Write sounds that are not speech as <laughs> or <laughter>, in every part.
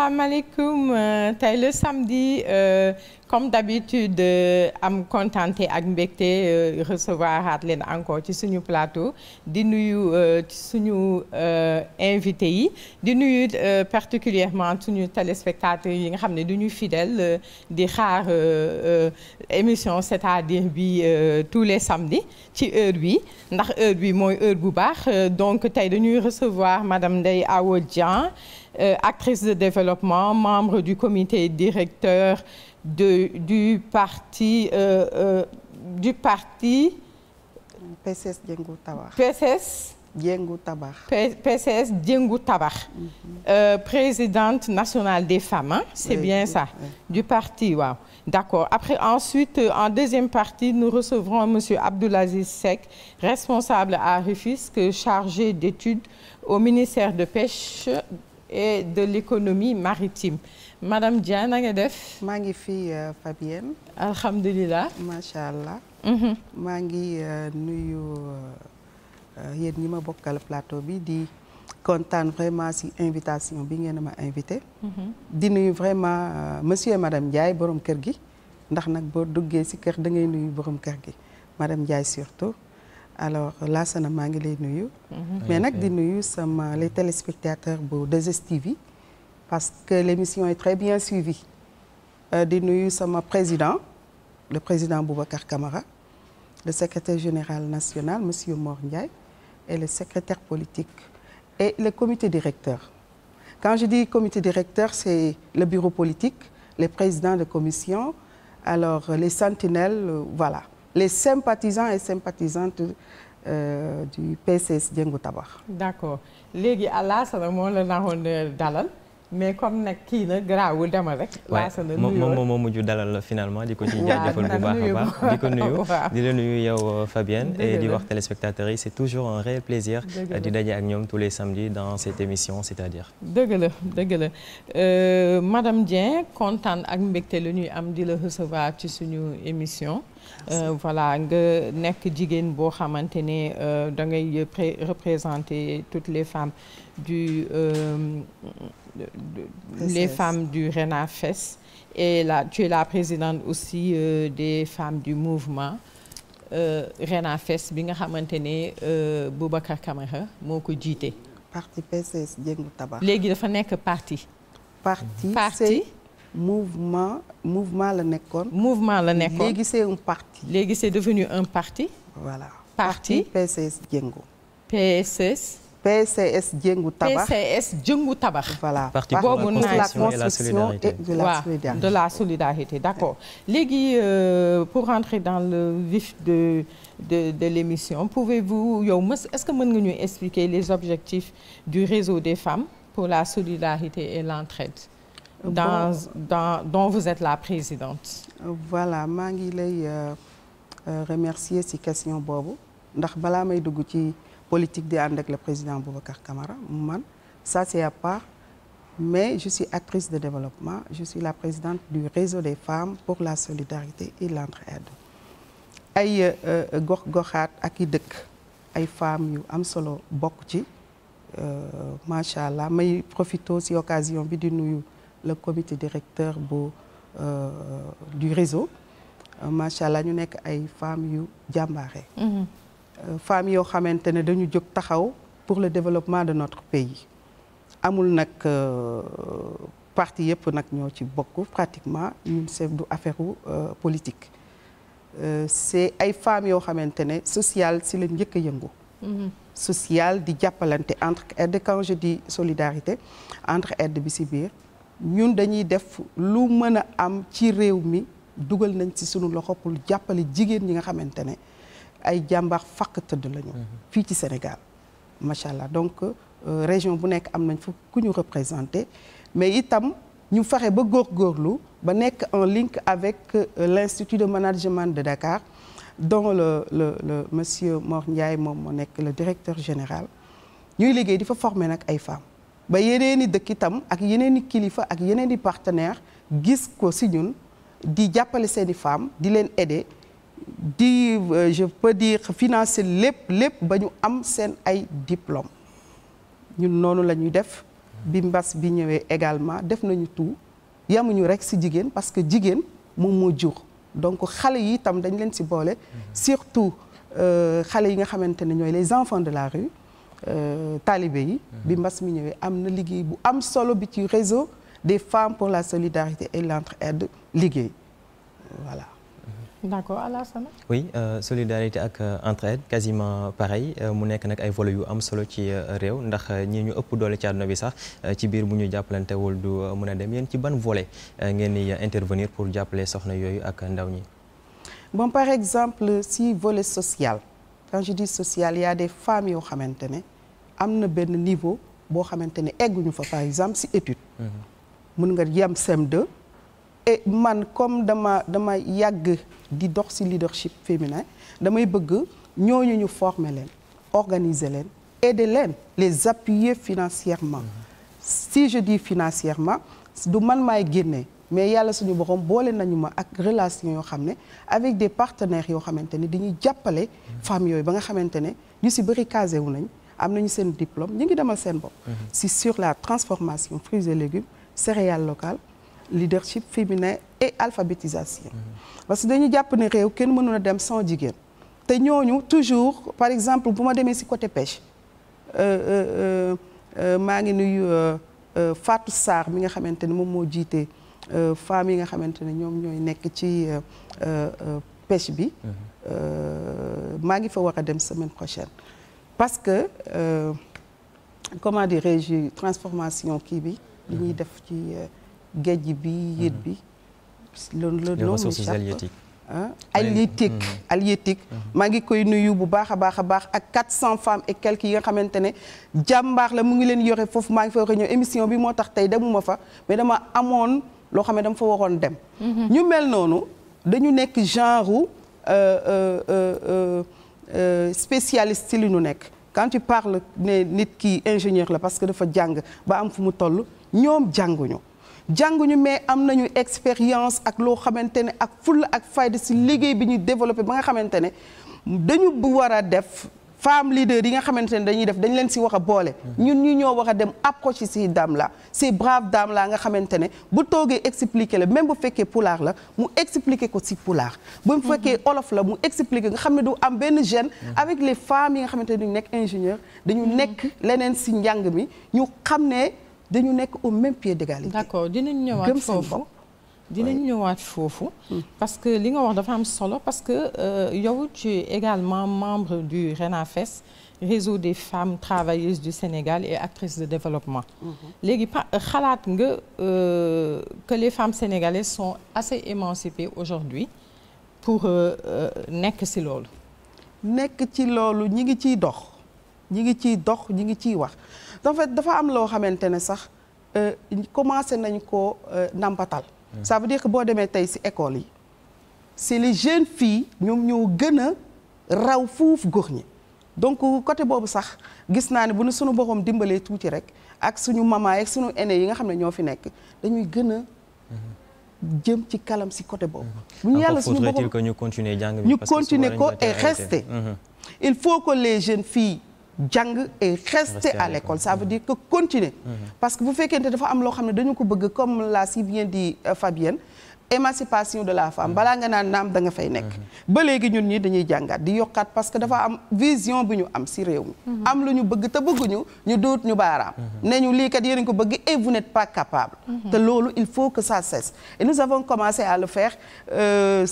asalaamaaleykum euh, tey le samedi euh, comme d'habitude euh, am contenté ak mbégte recevoir at leen encore ci suñu plateau di nuyu suñu invité yi di nuyu particulièrement suñu téléspectateurs yi nga xam ne du ñu fidèle di xaar émission c'est-à-dire bi tous les samedis ci heure bi ndax heure bi mooy heure bu baax donc tey dañuy recevoir madame Ndeye Awa Dieng Euh, actrice de développement, membre du comité directeur de, du parti euh, euh, du parti PCS Jëngu Tabax PCS Jëngu Tabax PCS Jëngu Tabax mhm. présidente nationale des femmes c'est bien oui, ça oui. du parti waaw d'accord après ensuite en deuxième partie nous recevrons monsieur Abdoulaziz Seck responsable à Rufisque chargé d'études au ministère de pêche et de l'économie maritime madame Dia na def. maa ngi fi euh, Fabienne. alhamdulilah. macha allah. Mhm. maa ngi euh, nuyu euh, yéen ñi ma bokkal plateau bi di kontaan vraiment ci invitation bi ngeen ma invité. Mhm. di nuyu vraiment monsieur et madame Ndiaye borom kër gi ndax nag boo duggee ci kër da ngay nuyu borom kër gi madame Ndiaye surtout. alors Lassana maa ngi lay nuyu. Mhm. mais nag di nuyu sama les téléspectateurs bu 2STV. parce que l' émission est très bien suivie. Euh, di nuyu sama président le président Boubacar kamara le secrétaire général national monsieur Mor Ndiaye et le secrétaire politique et le comité directeur. quand je comité directeur c'est le bureau politique les président de commission alors les euh, voilà. les sympathisants et sympathisantes euh, du PCS Jëngu Tabax. d'accord léegi Lassana moo la naxoon euh, dalal mais comme nag kii na garaawul demal rek. Lassana nuyoo moom moom moo mujj dalal la finalement di ko ci jaajëfal bu baax a baax di ko nuyu di yow euh, Fabienne. et di wax téléspectateurs yi c'est toujours un réel plaisir. Euh, di daje ak ñoom tous les samedis dans cette émission c'est-à-dire. dëgg la dëgg la madame Dieng kontaan ak mbégte la ñuy am di la recevoir ci suñu émission. Euh, voilà nga nekk jigéen boo xamante ne euh, da ngay représenter toutes les femmes du euh, les femmes du RENAFES et là tu es la présidente aussi des femmes du mouvement RENAFES bi nga xamante ne Boubacar Camara moo ko jiite. parti léegi dafa nekk parti. parti parti. mouvement mouvement la nekkoon. mouvement la nekkoon léegi un parti. léegi c'est devenu un parti. voilà parti PCS Jëngu. PSS. PCS Jëngu Tabax PCS Jëngu Tabax. voilà parti pour la construction et la solidarité de la solidarité. de la solidarité d'accord léegi euh, pour rentrer dans le vif de. de de l'émission pouvez-vous yow mës est-ce que mën nga ñu expliquer les objectifs du réseau des femmes pour la solidarité et l'entraide dans dans dont vous êtes la présidente. voilà maa ngi lay euh, euh, remercier si question boobu ndax balaa may dugg ci politique di ànd ak le président Boubacar Camara man ça c'est à part mais je suis actrice de développement je suis la présidente du réseau des femmes pour la solidarité et l'entraide ay euh, gox-goxaat ak i dëkk ay femmes yu am solo bokk ci macha allah may profito si occasion bi di nuyu. le commité directeur bu euh, du réseau euh, macha allah ñu nekk ay femmes yu jàmbaare. Mhm. Euh, femmes yoo xamante ne dañu jóg taxaw pour le développement de notre pays amul nag partie yëpp nag ñoo ci bokk pratiquement ñun chef du affaire politique. c'est ay femmes yoo xamante ne sociale si lañ njëkk a yëngu. Mhm. sociale di jàppalante entre aide quand je dis solidarité entre aide bi si biir. ñun dañuy def lu mën a am ci réew mi dugal nañ si sunu loxo pour jàppale jigéen ñi nga xamante ne ay jàmbaar fàq tëdd lañu. Mhm. fii ci Sénégal macha allah donc euh, région bu nekk am nañ fa ku ñu représenté mais itam ñu faxe ba góor góorlu ba nekk en link avec euh, l'institut de management de Dakar dont le le le monsieur Mor Ndiaye moom moo nekk le directeur général ñuy liggéey di fa former nag ay femmes. ba yeneen i dëkk itam ak yeneen i kilifa ak yeneen i partenaire gis ko si ñun di jàppale seen i femmes di leen aider di euh, je peux dire financer lépp lépp ba ñu am seen ay diplôme ñun noonu la ñuy def bi mbas bi ñëwee également def nañu tout yamuñu rek si jigéen parce que jigéen moom moo jur donc xale yi itam dañ leen si boole mm-hmm. surtout euh, xale yi nga xamante ne ñooy les enfants de la rue Euh, taalibe yi. Mhm. bi mbas mi ñëwee am na liggéey bu am solo bi ci réseau des femmes pour la solidarité et lentre l'entraide liggéey voilà. Mhm. d'accord Alassane. oui euh, solidarité ak euh, entraide quasiment pareil euh, mu nekk nag ay volets yu am solo ci réew ndax ñi ñu ëpp doole ci àdduna bi sax ci biir bu ñu jàppalantewul du mën a dem yéen ci ban vole ngeen di intervenir pour jàppale soxna yooyu ak ndaw ñi. bon par exemple si volet social. quand je dis social il y a des femmes yoo xamante ne am na benn niveau boo xamante ne egguñu fa par exemple si étude mm-hmm. mën nga yem CM2 et man comme dama dama yàgg di dox si leadership féminin damay bëgg ñooñu ñu former leen organiser leen aider leen les appuyer financièrement mm-hmm. si je dis financièrement du man maay génne mais yàlla suñu borom boole nañu ma ak relation yoo xam ne avec des partenaires yoo xamante ne dañuy jàppale femmes yooyu ba nga xamante ne ñu si bëri casé wu nañ am nañu seen diplôme ñu ngi demal seen bopp. Mhm. si sur la transformation fruits et légumes céréales locales leadership féminin et alphabétisation. Mhm. parce que dañu jàpp ne réew kenn mënu na dem sans jigéen. te ñooñu toujours par exemple bu ma demee si côté pêche euh, euh, euh, maa ngi nuyu Fatou Sarr mi nga xamante ne moom moo jiite. Euh, femmes yi nga xamante ne ñoom ñooy nekk ci euh, euh, pêche bi mhm. maa ngi fa war a dem semaine prochaine parce que euh, comment dirais-je transformation kii bi li ñuy mhm. def ci géej bi yët mhm. bi loolu loolu les ressources halieutiques halieutique ah, halieutique maa ngi koy nuyu bu baax a baax a baax ak quatre cent femmes et quelques yi nga xamante ne jàmbaar la mu ngi leen yore foofu maa ngi fa war a émission bi moo tax tey demuma fa mais dama amoon loo xam ne dama fa waroon dem. Mhm. ñu mel noonu dañu nekk genre euh, euh, euh, spécialiste ci li ñu nekk. quand tu parles ne nit ki ingénieur la parce que dafa jàng ba am fu mu toll ñoom jànguñu. jànguñu mais am nañu expérience ak loo xamante ne ak fulla ak fayda si liggéey bi ñuy développé ba nga xamante ne dañu war a def. femme leader yi nga xamante ne dañuy def dañ leen si war a boole ñun ñu ñoo wax a dem approche si daam la ces braves daam la nga xamante ne bu toogee expliquer la même bu fekkee pulaar la mu expliquer ko si pulaar bu fekkee olof la mu expliquer nga xam ne du am benn gêne avec les femmes yi nga xamante ne dañu nekk ingénieur dañu nekk leneen si njàng mi ñu xam ne dañu nekk au même pied d'égalité d'accord dinañ ñëwaat foofu dinañ ñëwaat foofu hmm. parce que li nga wax dafa am solo parce que euh, yow ci également membre du RENAFES réseau des femmes travailleuses du Sénégal et actrices de développement mm-hmm. léegi xalaat nga euh, que les femmes sénégalaises sont assez émancipées aujourd'hui pour euh, nekk ci loolu nekk ci loolu ñi ngi ciy dox ñi ngi ciy dox ñi ngi ciy wax en dafa am loo xamante ne sax commencé nañ ko nampatal ça veut dire que boo demee tey si école yi c'est les jeunes fii ñoom ñoo gën a raw fuuf gox ñi donc côté boobu sax gis naa ne bu nu suñu boppam dimbalee tuuti rek ak suñu mamaay ak suñu aîné yi nga xam ne ñoo fi nekk dañuy gën a jëm ci kalam ci côté boobu. Mm-hmm. bu ñu yàlla suñu boppam ñu continuer jàng bi ñu continuer ko et rester. Mm-hmm. il faut que les jeunes filles. jàng et rester à l'école ça veut dire que continuer mm-hmm. parce que bu fekkente dafa am loo xam ne dañu ko bëgg comme l'a si bien dit euh, Fabienne émancipation de la femme mm-hmm. balaa nga naan naam da nga fay nekk mm-hmm. ba léegi ñun ñi dañuy jàngat di yokkaat parce que dafa am vision bu ñu am si réew mi am lu ñu bëgg te bëgguñu ñu dóot ñu baaraam ne ñu lii kat yéen ko bëgg et vous n'êtes pas capable te loolu il faut que ça cesse et nous avons commencé à le faire euh,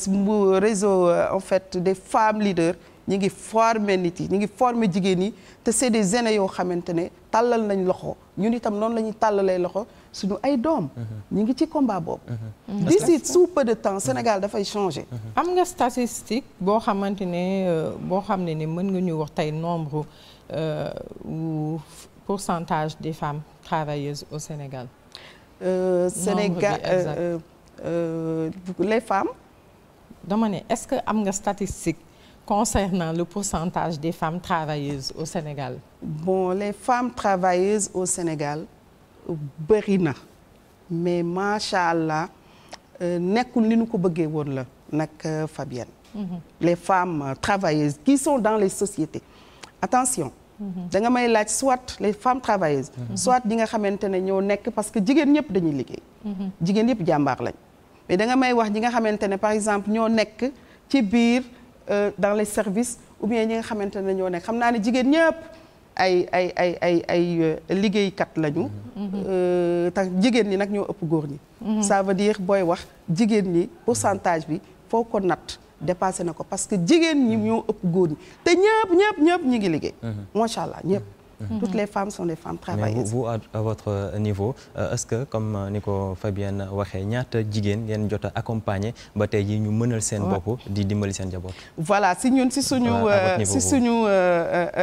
réseau euh, en fait des femmes leaders ñu ngi former nit yi ñu ngi former jigéen yi te c'est des aînés yoo xamante ne tàllal nañ loxo ñun itam noonu la ñuy tàllalee loxo suñu ay doom. Mm-hmm. ñu ngi ci combat boobu. Mm-hmm. Mm-hmm. d'ici sous peu de temps Sénégal dafay changer. am nga statistique boo xamante ne euh, boo xam ne ni mën nga ñu wax tey nombre euh, ou pourcentage des femmes travailleuses au Sénégal. Euh, Sénégal euh, euh, euh, les femmes. dama ne est-ce que am nga statistique. concernant le pourcentage des femmes travailleuses au Sénégal. bon les femmes travailleuses au Sénégal bëri na mais macha allah euh, nekkul ni ñu ko bëggee woon la nag euh, Fabienne. Mhm. les femmes euh, travailleuses qui sont dans les sociétés attention. Mhm. da may laaj soit les femmes travailleuses. Mhm. soit ñi nga xamante ne ñoo nekk parce que jigéen ñëpp dañuy liggéey. jigéen ñëpp jàmbaar lañ. mais da may wax ñi nga xamante ne par exemple ñoo nekk ci biir. Euh, dans les services ou bien ñi nga xamante ne ñoo nekk xam naa ne jigéen ñëpp ay ay ay ay ay euh, liggéeykat lañu. Mm-hmm. Euh, tax jigéen ñi nag ñoo ëpp góor ñi. Mm-hmm. ça vedir booy wax jigéen ñi pour pourcentage bi foo ko natt dépassé na ko parce que jigéen ñi mm-hmm. ñoo ëpp góor ñi te ñëpp ñëpp ñëpp ñi ngi liggéey. macha allah ñëpp. Mhm. toutes les femmes sont des femmes travailleuses. mais vous à votre niveau euh, est-ce que comme euh, ni ko Fabienne waxee ñaata jigéen ngeen jot a accompagner ba tey jii ñu mënal seen bopp. di dimbali seen njaboot. voilà si ñun si suñu. Euh, si suñu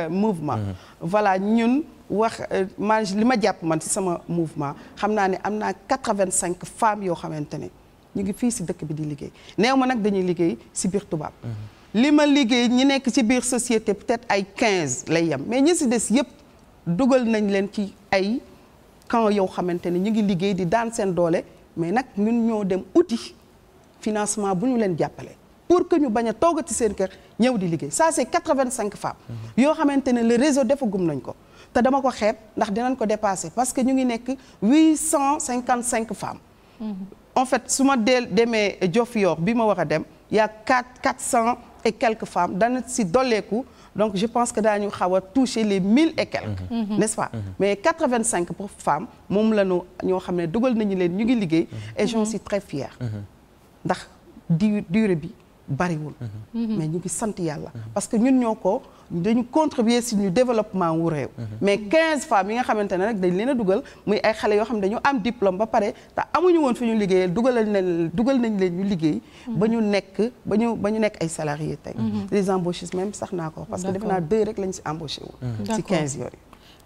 mouvement. Mhm. voilà ñun. wax ma li ma jàpp man ci sama mouvement xam naa ne am naa quatre-vingt-cinq femmes yoo xamante ne ñu ngi fii si dëkk bi di liggéey neew ma nag dañuy liggéey si biir tubaab. Mhm. li ma liggéey ñi nekk ci biir société peut-être ay quinze lay yem mais ñi ci des yépp. dugal nañ leen ci ay camp yow xamante ne ñu ngi liggéey di daan seen doole mais nag ñun ñoo dem outil financement bu ñu leen jàppale pour que ñu bañ a toogati seen kër ñëw di liggéey ça c'est quatre-vingt-cinq femmes yoo xamante ne le réseau defagum nañ ko te dama ko xeeb ndax dinañ ko dépasser parce que ñu ngi nekk huit cent cinquante-cinq femmes mm-hmm. en fait su ma dee demee Diofior bi ma war a dem y a quatre quatre cent et quelques femmes dana si dolleeku donc je pense que daañu xaw a toucher les mille et quelques mhm. Mm-hmm. Mhm. n'est-ce pas mhm. mais quatre-vingt-cinq pour femmes moom la ñoo xam ne dugal nañu leen ñu ngi liggéey et j'en suis très fière ndax di durée bi bariwul mais ñu ngi sant yàlla parce que ñun ñoo ko dañu contribuer si ñu développement wu réew. Mhm. mais 15 femmes yi nga xamante ne nag dañ leen a dugal muy ay xale yoo xam ne dañu am diplôme ba pare te amuñu woon fi ñu liggéeyee dugal nañ dugal nañ leen ñu liggéey. Mhm. ba ñu nekk ba ñu ba ñu nekk ay salariés tey. Mhm. les embauches même sax naa ko parce que defe naa deux rek lañ si embauché wu. si 15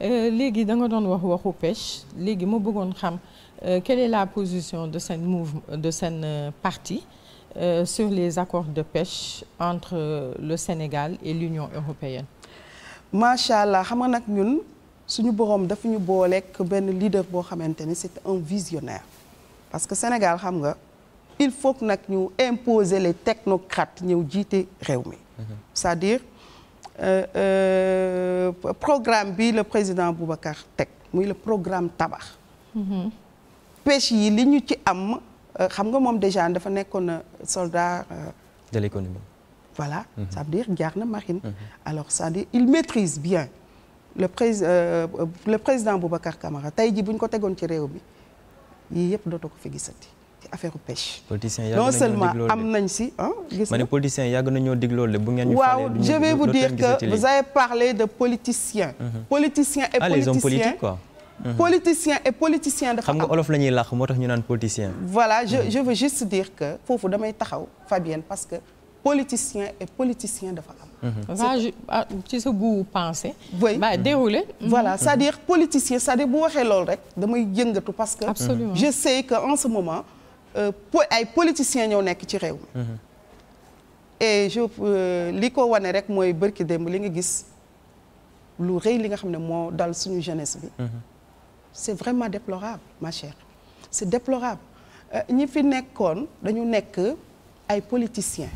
léegi da nga doon wax waxu pêche léegi ma bëggoon xam euh, quelle est la position de seen mouvement de seen euh, parti. euh, sur les accords de pêche entre le Sénégal et l'Union européenne macha allah xam nga nag ñun suñu borom dafa ñu booleek benn leader boo xamante ni c'est un visionnaire parce que Sénégal xam nga il faut que nag ñu imposer les technocrates ñëw jiite réew mi mhm. c'est-à-dire euh, euh, programme bi le président Boubacar teg muy le programme tabax. Mhm. pêche yi li ñu ci am Euh, xam nga moom déjà dafa nekkoon euh, soldat. Euh, de l'économie. voilà mm -hmm. ça veut dire jaar na marine. Mm -hmm. alors ça veut il maîtrise bien le prés euh, le président Boubacar Camara tey jii bu ñu ko tegoon ci réew mi yii yëpp dootu ko fi gisati. ci affaire pêche. non seulement am nañ si ah. gis nga ma ne politiciens yàgg nañoo dig loolu bu ngeen ñu. waaw je vais vous dire que vous avez parlé de politicien. Mm -hmm. politicien et ah, politicien les hommes politiques quoi. Mhm. politicien et politicien dafa am xam nga olof la ñuy làq moo tax ñu naan politicien. voilà mhm. je veux juste dire que foofu damay taxaw Fabienne parce que politicien et politicien dafa am. Mhm. va ah, ci sa bu pensée. oui ba déroulé. voilà c'est-à-dire politicien c'est-à-dire bu waxee loolu rek damay jëngatu parce que. absolument je sais que en ce moment euh, po ay politiciens ñoo nekk ci réew mi. Euh, li ko wane rek mooy bërki démb li nga gis lu rëy li nga xam ne moo dal suñu jeunesse bi. c'est vraiment déplorable ma chère c'est déplorable euh, ñi fi nekkoon dañu nekk ay politiciens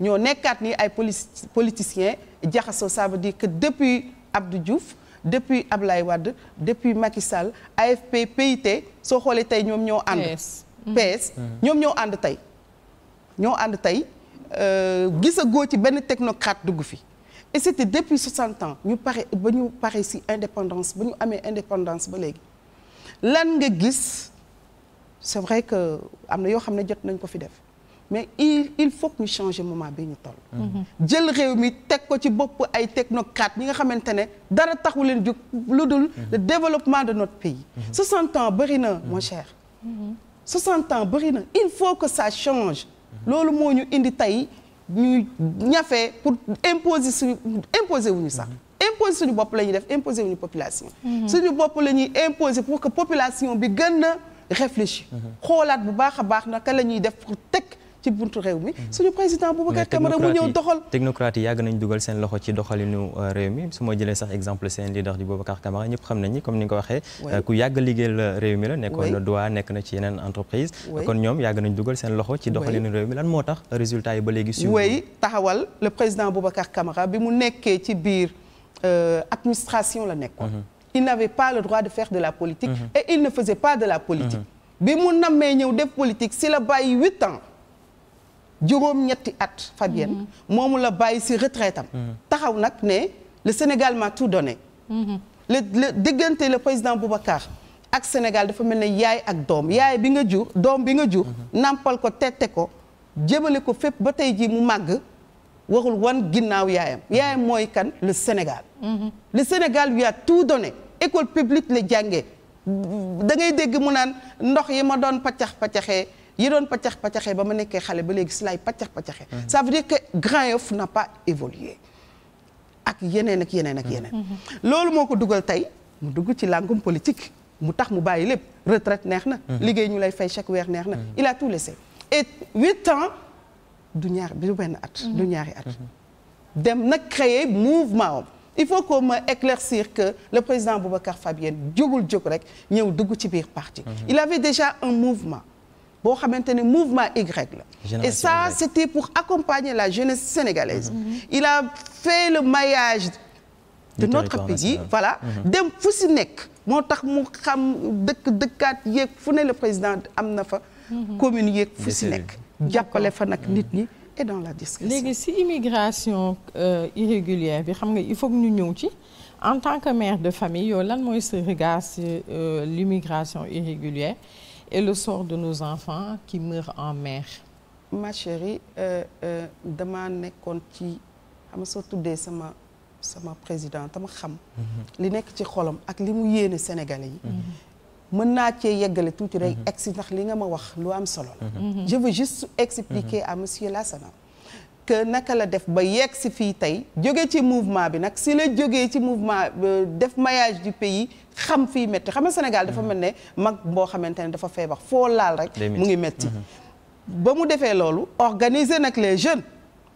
ñoo nekkaat ni ay poli politiciens jaxasoo ça veut dire que depuis Abdou Diouf depuis Ablaye wadd depuis Macky Sall AFP PIT soo xoolee tey ñoom ñoo ànd PS mm. mm. ñoom ñoo ànd tey ñoo ànd tey euh, gis a ci benn technocrate dugg fi et c' était depuis 60 ans ñu pare ba ñu pare si indépendance ba ñu amee indépendance ba léegi lan nga gis c' est vrai que am na yoo xam ne jot nañ ko fi def mais il il faut que ñu changer moment bi ñu toll. Mhm. jël réew mi teg ko ci bopp ay technocrates ñi nga xamante ne dara taxu leen jóg lu dul le mhm. développement de notre pays. 60 mhm. ans bëri na mon cher. 60 ans bëri na il faut que ça change. loolu moo ñu indi tey ñu ñafe pour imposer suñu imposer wuñu sax imposer suñu bopp la ñuy def imposer wuñu population suñu bopp la ñuy imposer pour que population bi gën a réfléchir mhm. xoolaat bu baax a baax naka la ñuy def pour teg ci buntu réew mi mhm. suñu président Boubacar Camara mu ñëw doxal technocrates yi yàgg nañ dugal seen loxo ci doxalinu euh, réew mi su ma jëlee sax exemple seen leader di Boubacar Camara ñëpp xam nañ ni comme ni nga ko waxee euh, ku yàgg liggéeyal euh, réew mi la nekkoon na nekk na ci yeneen entreprise kon ñoom yàgg nañ dugal seen loxo ci doxalinu réew mi lan moo tax résultat yi ba léegi su wéy taxawal le président Boubacar Camara bi mu nekkee ci biir administration la nekkoon mhm. il de la politique mhm. et la politique bi mu nammee juróom-ñetti at Fabienne mm-hmm. moomu la bàyyi si retraite mm-hmm. taxaw nag ne le Sénégal tout donné mm-hmm. le diggante le président Boubacar ak Sénégal dafa mel ne yaay ak doom yaay bi nga jur doom bi nga jur nàmpal ko tette ko jëmale ko fépp ba tey jii mu màgg warul wan ginnaaw yaayam yaayam mooy kan le Sénégal le Sénégal lui a tout donné école publique la jàngee da ngay dégg mu naan ndox yi ma doon paccax-paccaxee yenoon doon paccax paccaxee ba ma nekkee xale ba léegi si laay paccax paccaxee ça veut dire que Grand Yoff n'a pas évolué ak yeneen ak yeneen ak mm-hmm. yeneen loolu moo ko dugal tey mu dugg ci làngum politique mu tax mu bàyyi lépp retraite neex na mm-hmm. liggéey ñu lay fay chaque weer neex na mm-hmm. il a tout laissé et huit ans du ñaar du benn at du ñaari at dem nag créer mouvement am il faut qu'on me éclaircir que le président Boubacar Fabienne jogul jóg rek ñëw dugg ci biir parti il un mouvement boo xamante ne mouvement Y la et ça c'était pour accompagner la jeunesse sénégalaise mhm. Mhm. il a fait le maillage de notre pays voilà mhm. dem fu si nekk moo tax mu xam dëkk dëkkaat yeeg fu ne le président am na fa commune yeeg fu si nekk jàppale fa nag nit ñi et dans la discrétion léegi si immigration euh, irrégulière bi xam nga il faut que ñu ñëw ci en tant que mère de famille yow lan mooy sa regard si euh, l'immigration irrégulière et le sort de nos enfants qui meurent en mer. ma chérie euh, euh, dama nekkoon ci xam soo tuddee sama sama président dama xam. Mhm. li nekk ci xolam ak li mu yéene Sénégalais yi. Mhm. mën naa cee yeggale tuuti rek. Mhm. egg si li nga ma wax lu am solo je veux juste expliquer à monsieur la Lassana. que naka la def ba yegg si fii tey jóge ci mouvement bi nag si la jógee ci mouvement euh, def maillage du pays xam fii métti xam nga Sénégal dafa mel ne mag boo xamante ne dafa feebar foo laal rek mu ngi metti mhm. ba mu defee loolu organiser nag les jeunes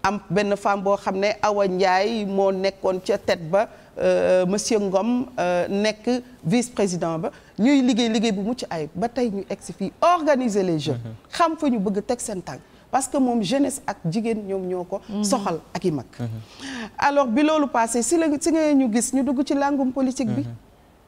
am benn femme boo xam ne Awa Ndiaye moo nekkoon ca tête ba euh, monsieur Ngom euh, nekk vice-président ba ñuy liggéey liggéey bu mucc ay ba tey ñu egg si fii organiser les jeunes mhm. xam fa ñu bëgg teg seen tànk parce que moom jeunesse ak jigéen ñoom ñoo ko mhm. soxal ak i mag mhm. alors bi loolu passé si la si nga ñu gis ñu dugg ci langum politique bi mhm.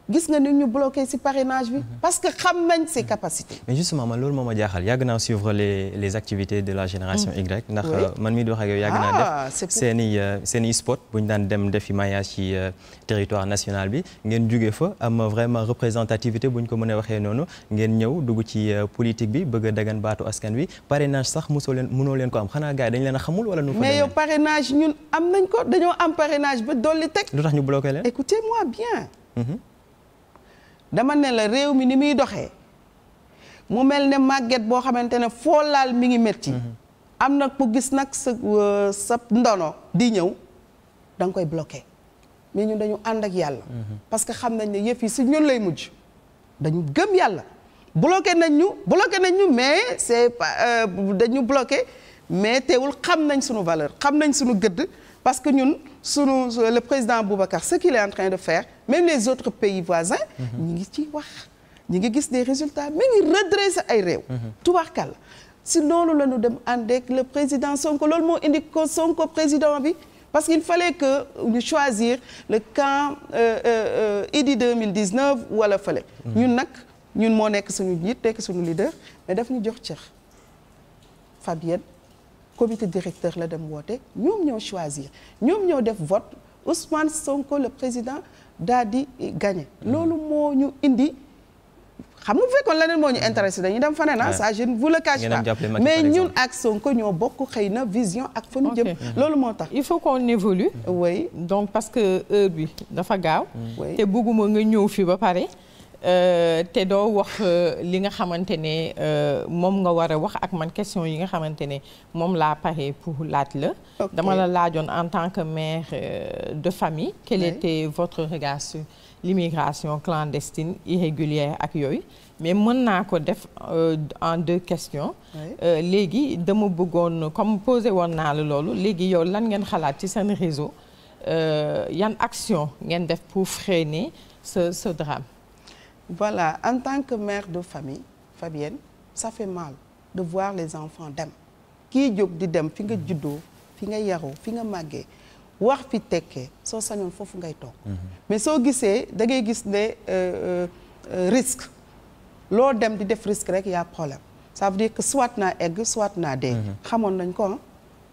gis nga ni ñu bloqué ci parrainage bi mhm. parce que xam nañ ses mhm. capacités mais justement man loolu moo ma jaaxal yàgg naa suivre les les activités de la génération mhm. Y ndax man mii di wax ak yow yàgg naa ah, def seen i seen spot bu ñu daan dem defi maillage ci euh, territoire national bi ngeen juge fa am vraiment représentativité bu ñu ko mën a waxee noonu ngeen ñëw dugg ci euh, politique bi bëgg a dagan baatu askan wi parrainage sax mosoo leen mënoo leen ko am xanaa gars dañ leen a xamul wala nu mais yow parrainage ñun ñu bloqué leen dama ne la réew mi ni muy doxee mu mel ne màgget boo xamante ne foo laal mi ngi metti mhm. am na ku gis nag sa euh, sa ndono di ñëw danga koy bloqué mais ñun dañu ànd ak yàlla mhm. parce que xam nañ ne yëf yi si ñun lay mujj dañu gëm yàlla bloqué nañ ñu bloqué nañ ñu mais c'est pas euh, dañu bloqué mais teewul xam nañ sunu valeur xam nañ suñu gëdd parce ñun sunu euh, le président Boubacar ce qu'il est en train de faire même les autres pays voisins mhm. ñi ngi ci wax ñi ngi gis des résultats mi ngi redresser ay réew mhm. tubaarkàlla si loolu la ñu dem ànd ak le président Sonko loolu moo indi ko Sonko président bi parce qu'il fallait que ñu choisir le camp euh, euh, Idy 2019 wala fale mhm. ñun nag ñun moo nekk suñu njiit nekk suñu leader mais daf ñu jox cër Fabienne comité directeur la dem woote ñoom ñoo choisir ñoom ñoo def vote Ousmane Sonko la président daal di gagné. Hmm. loolu moo ñu indi xam nga bu fekkoon leneen moo ñu intéressé dañuy dem faneen ah ça je ne vous le cache pas mais ñun ak Sonko ñoo bokk xëy na vision ak fa ñu jëm. Hmm. loolu moo tax il faut qu'on évolue. oui donc parce que heure bi dafa gaaw. Hmm. te bëgguma nga ñëw fi ba pare. Euh, te doo wax euh, li nga xamante ne euh, moom nga war a wax ak man question yi nga xamante ne moom laa pare pour laaj la. dama la laajoon en tant que mère de famille. quel était votre regard sur l'immigration clandestine irrégulière ak yooyu. mais mën naa ko def en deux questions. léegi dama bëggoon comme posé woon naa la loolu léegi yow lan ngeen xalaat ci seen réseau yan action ngeen def pour freiner ce ce drame. voilà en tant que mère de famille Fabienne ça fait mal de voir les enfants dem kii jóg di dem fi nga mhm. juddoo fi nga yaroo fi nga màggee wax fi tekkee soo sañoon foofu ngay toog mhm. mais soo gisee da ngay gis ne euh, euh, risque loo dem di def risque rek y'a problème ça veut que soit naa egg soit naa dee mhm. xamoon nañ ko ah?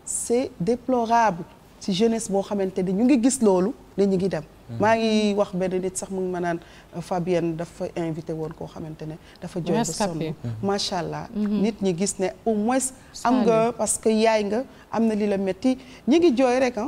c'est déplorable ci jeunesse boo xamante ni ñu ngi gis loolu ne ñu ngi dem. maa ngi wax benn nit sax mu ngi ma naan Fabienne dafa invité woon koo xamante ne dafa jooy ba sonn mm-hmm. macha allah. Mm-hmm. nit ñi gis ne au moins am nga parce que yaay nga am na li la métti ñi ngi jooy rek ah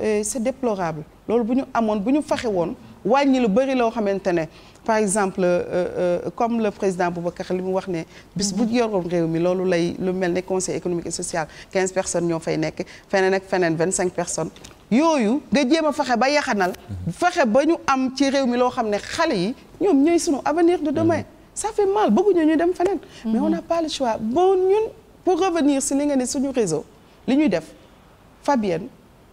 euh, c'est déplorable loolu bu ñu amoon bu ñu faxe woon wàññi lu bëri loo xamante ne par exemple euh, euh, comme le président Boubacar li mu wax ne bis bu mhm. yoroon réew mi loolu lay lu mel ne conseil économique et social quinze personnes ñoo fay nekk feneen ak feneen vingt cinq personnes yooyu nga jéem a fexe ba yaxanal mhm. fexe ba ñu am ci réew mi loo xam ne xale yi ñoom ñooy suñu avenir de demain mhm. ça fait mal bëgguñu ñu dem feneen mais on a pas le choix bon ñun pour revenir si li nga ne suñu réseau li ñuy def Fabienne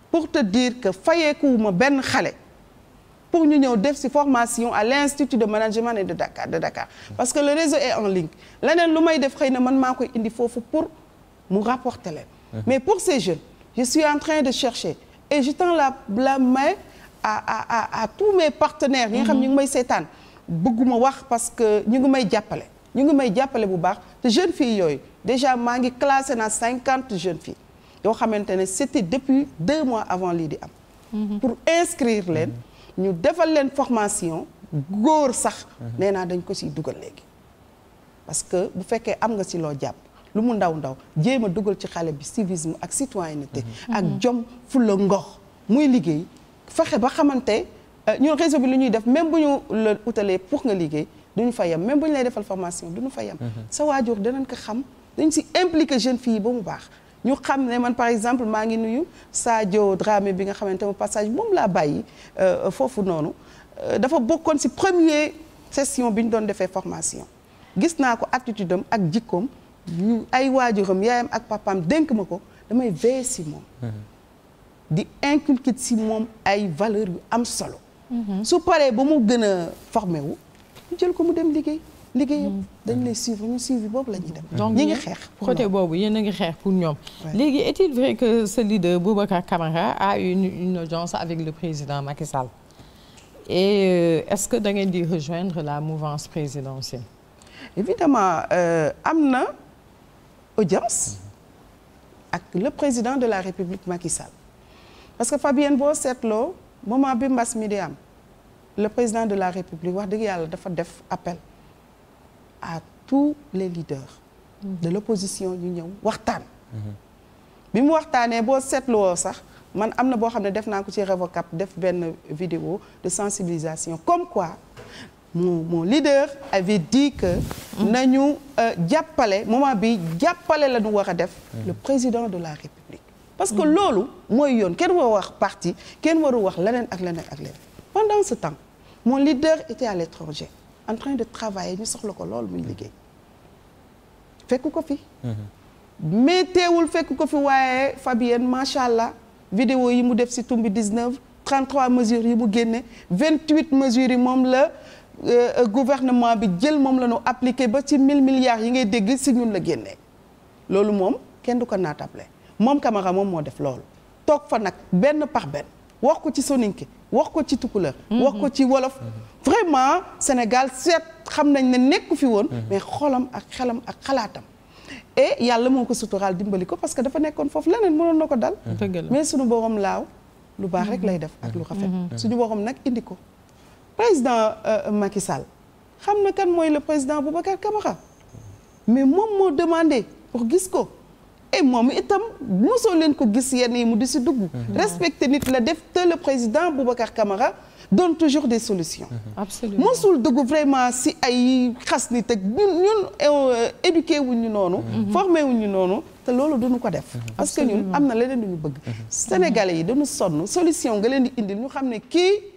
pour te dire que fayeekuwuma benn xale pour ñu ñëw def ci formation à l'institut de management et de Dakar de Dakar parce que le réseau est en ligne leneen lu may def xëy na man maa koy indi foofu pour mu rapporter leen mais pour ces jeunes je suis en train de chercher et je tends la la main à à à tous mes partenaires yi nga xam ñu ngi may seetaan bëgguma wax parce que ñu ngi may jàppale ñu ngi may jàppale bu baax te jeunes filles yooyu déjà maa ngi classé na cinquante jeunes filles yoo xamante ne c'était depuis deux mois avant lii di am pour inscrire leen ñu defal leen formation góor sax mhm. nee naa dañ ko siy dugal léegi parce que bu fekkee am nga si loo jàpp lu mu ndaw ndaw jéem a dugal ci xale bi civisme ak citoyenneté mhm. ak mhm. jom fulla ngox muy liggéey fexe ba xamante euh, ñun réseau bi lu ñuy def même bu ñu la wutalee pour nga liggéey duñu fa yem même bu ñu lay defal formation duñu fa yem sa waajur danañ ko xam dañ si impliqué jeune fille ba mu baax ñu xam ne man par exemple maa ngi nuyu Sadio Dramé bi nga xamante ne passage moom laa bàyyi euh, foofu noonu euh, dafa bokkoon si premier session bi ñu doon defee formation gis naa ko attitude ak jikkoom ay waajuram yaayam ak papaam dénk ma ko damay veiller si moom mm-hmm. di inculquer si moom ay valeur yu am solo mm-hmm. su paree ba mu gën a formé wu jël ko mu dem liggéey liggéeyam mm. dañ lay suivre ñu suivi boobu la ñuy dem. donc ñu ngi xeex côté boobu yéen ngi xeex pour ñoom. léegi est-il vrai que ce leader Boubacar Camara a eu une, une audience avec le président Macky Sall euh, est-ce que da ngeen di rejoindre la mouvance présidentielle. évidemment euh, am na audience ak le président de la République Macky Sall parce que Fabienne boo seetloo moment bi mbas mi di am le président de la République wax dëgg yàlla dafa def appel. à tous les leaders de l'opposition ñu ñëw waxtaan bi mu waxtaanee boo seetloo sax man am na boo xam ne def naa ko ci Revocap def benn vidéo de sensibilisation comme quoi mon mon leader avait dit que nañu euh, jàppale moment bi jàppale la ñu war a def le président de la République parce que loolu mooy yoon kenn waru wax parti kenn waru wax leneen ak leneen ak leneen pendant ce temps mon leader était à l'étranger en train de yi ñu soxla ko loolu muy liggéey fekk ko fi mais mm-hmm. teewul fekk ko fi waaye Fabienne macha allah vidéo yi mu def si tumbi 19 33 mesures yi mu génne 28 mesures yi moom la euh, gouvernement bi jël moom la ñu appliqué ba ci mille milliards yi ngay dégg si ñun la génnee loolu moom kenn du ko naatable moom Camara moom moo def loolu toog fa nag benn par benn wax ko ci soninke wax ko ci tukulër wax ko ci wolof vraiment Sénégal seet xam nañ ne nekku fi woon mais xolam ak xelam ak xalaatam e yàlla moo ko suturaal dimbali ko parce que dafa nekkoon foofu leneen mënoon na ko dal mais suñu borom laaw lu baax rek lay def ak lu rafet mhm. suñu borom nag indi ko président euh, Macky Sall xam na kan mooy le président Boubacar Camara mais moom moo demandé pour gis ko moom itam mosoo leen ko gis yenn yi mu di si dugg mhm. respecté nit la def te le président Boubacar Camara donne toujours des solutions mhm. absolument mosul dugg vraiment si ay xas nit ak ñun ñun euh, éduqué wuñu noonu mhm. formé wuñu noonu te loolu duñu ko def parce que ñun am na leneen lu ñu bëgg sénégalais yi dañu sonn solution nga leen di indil ñu xam ne kii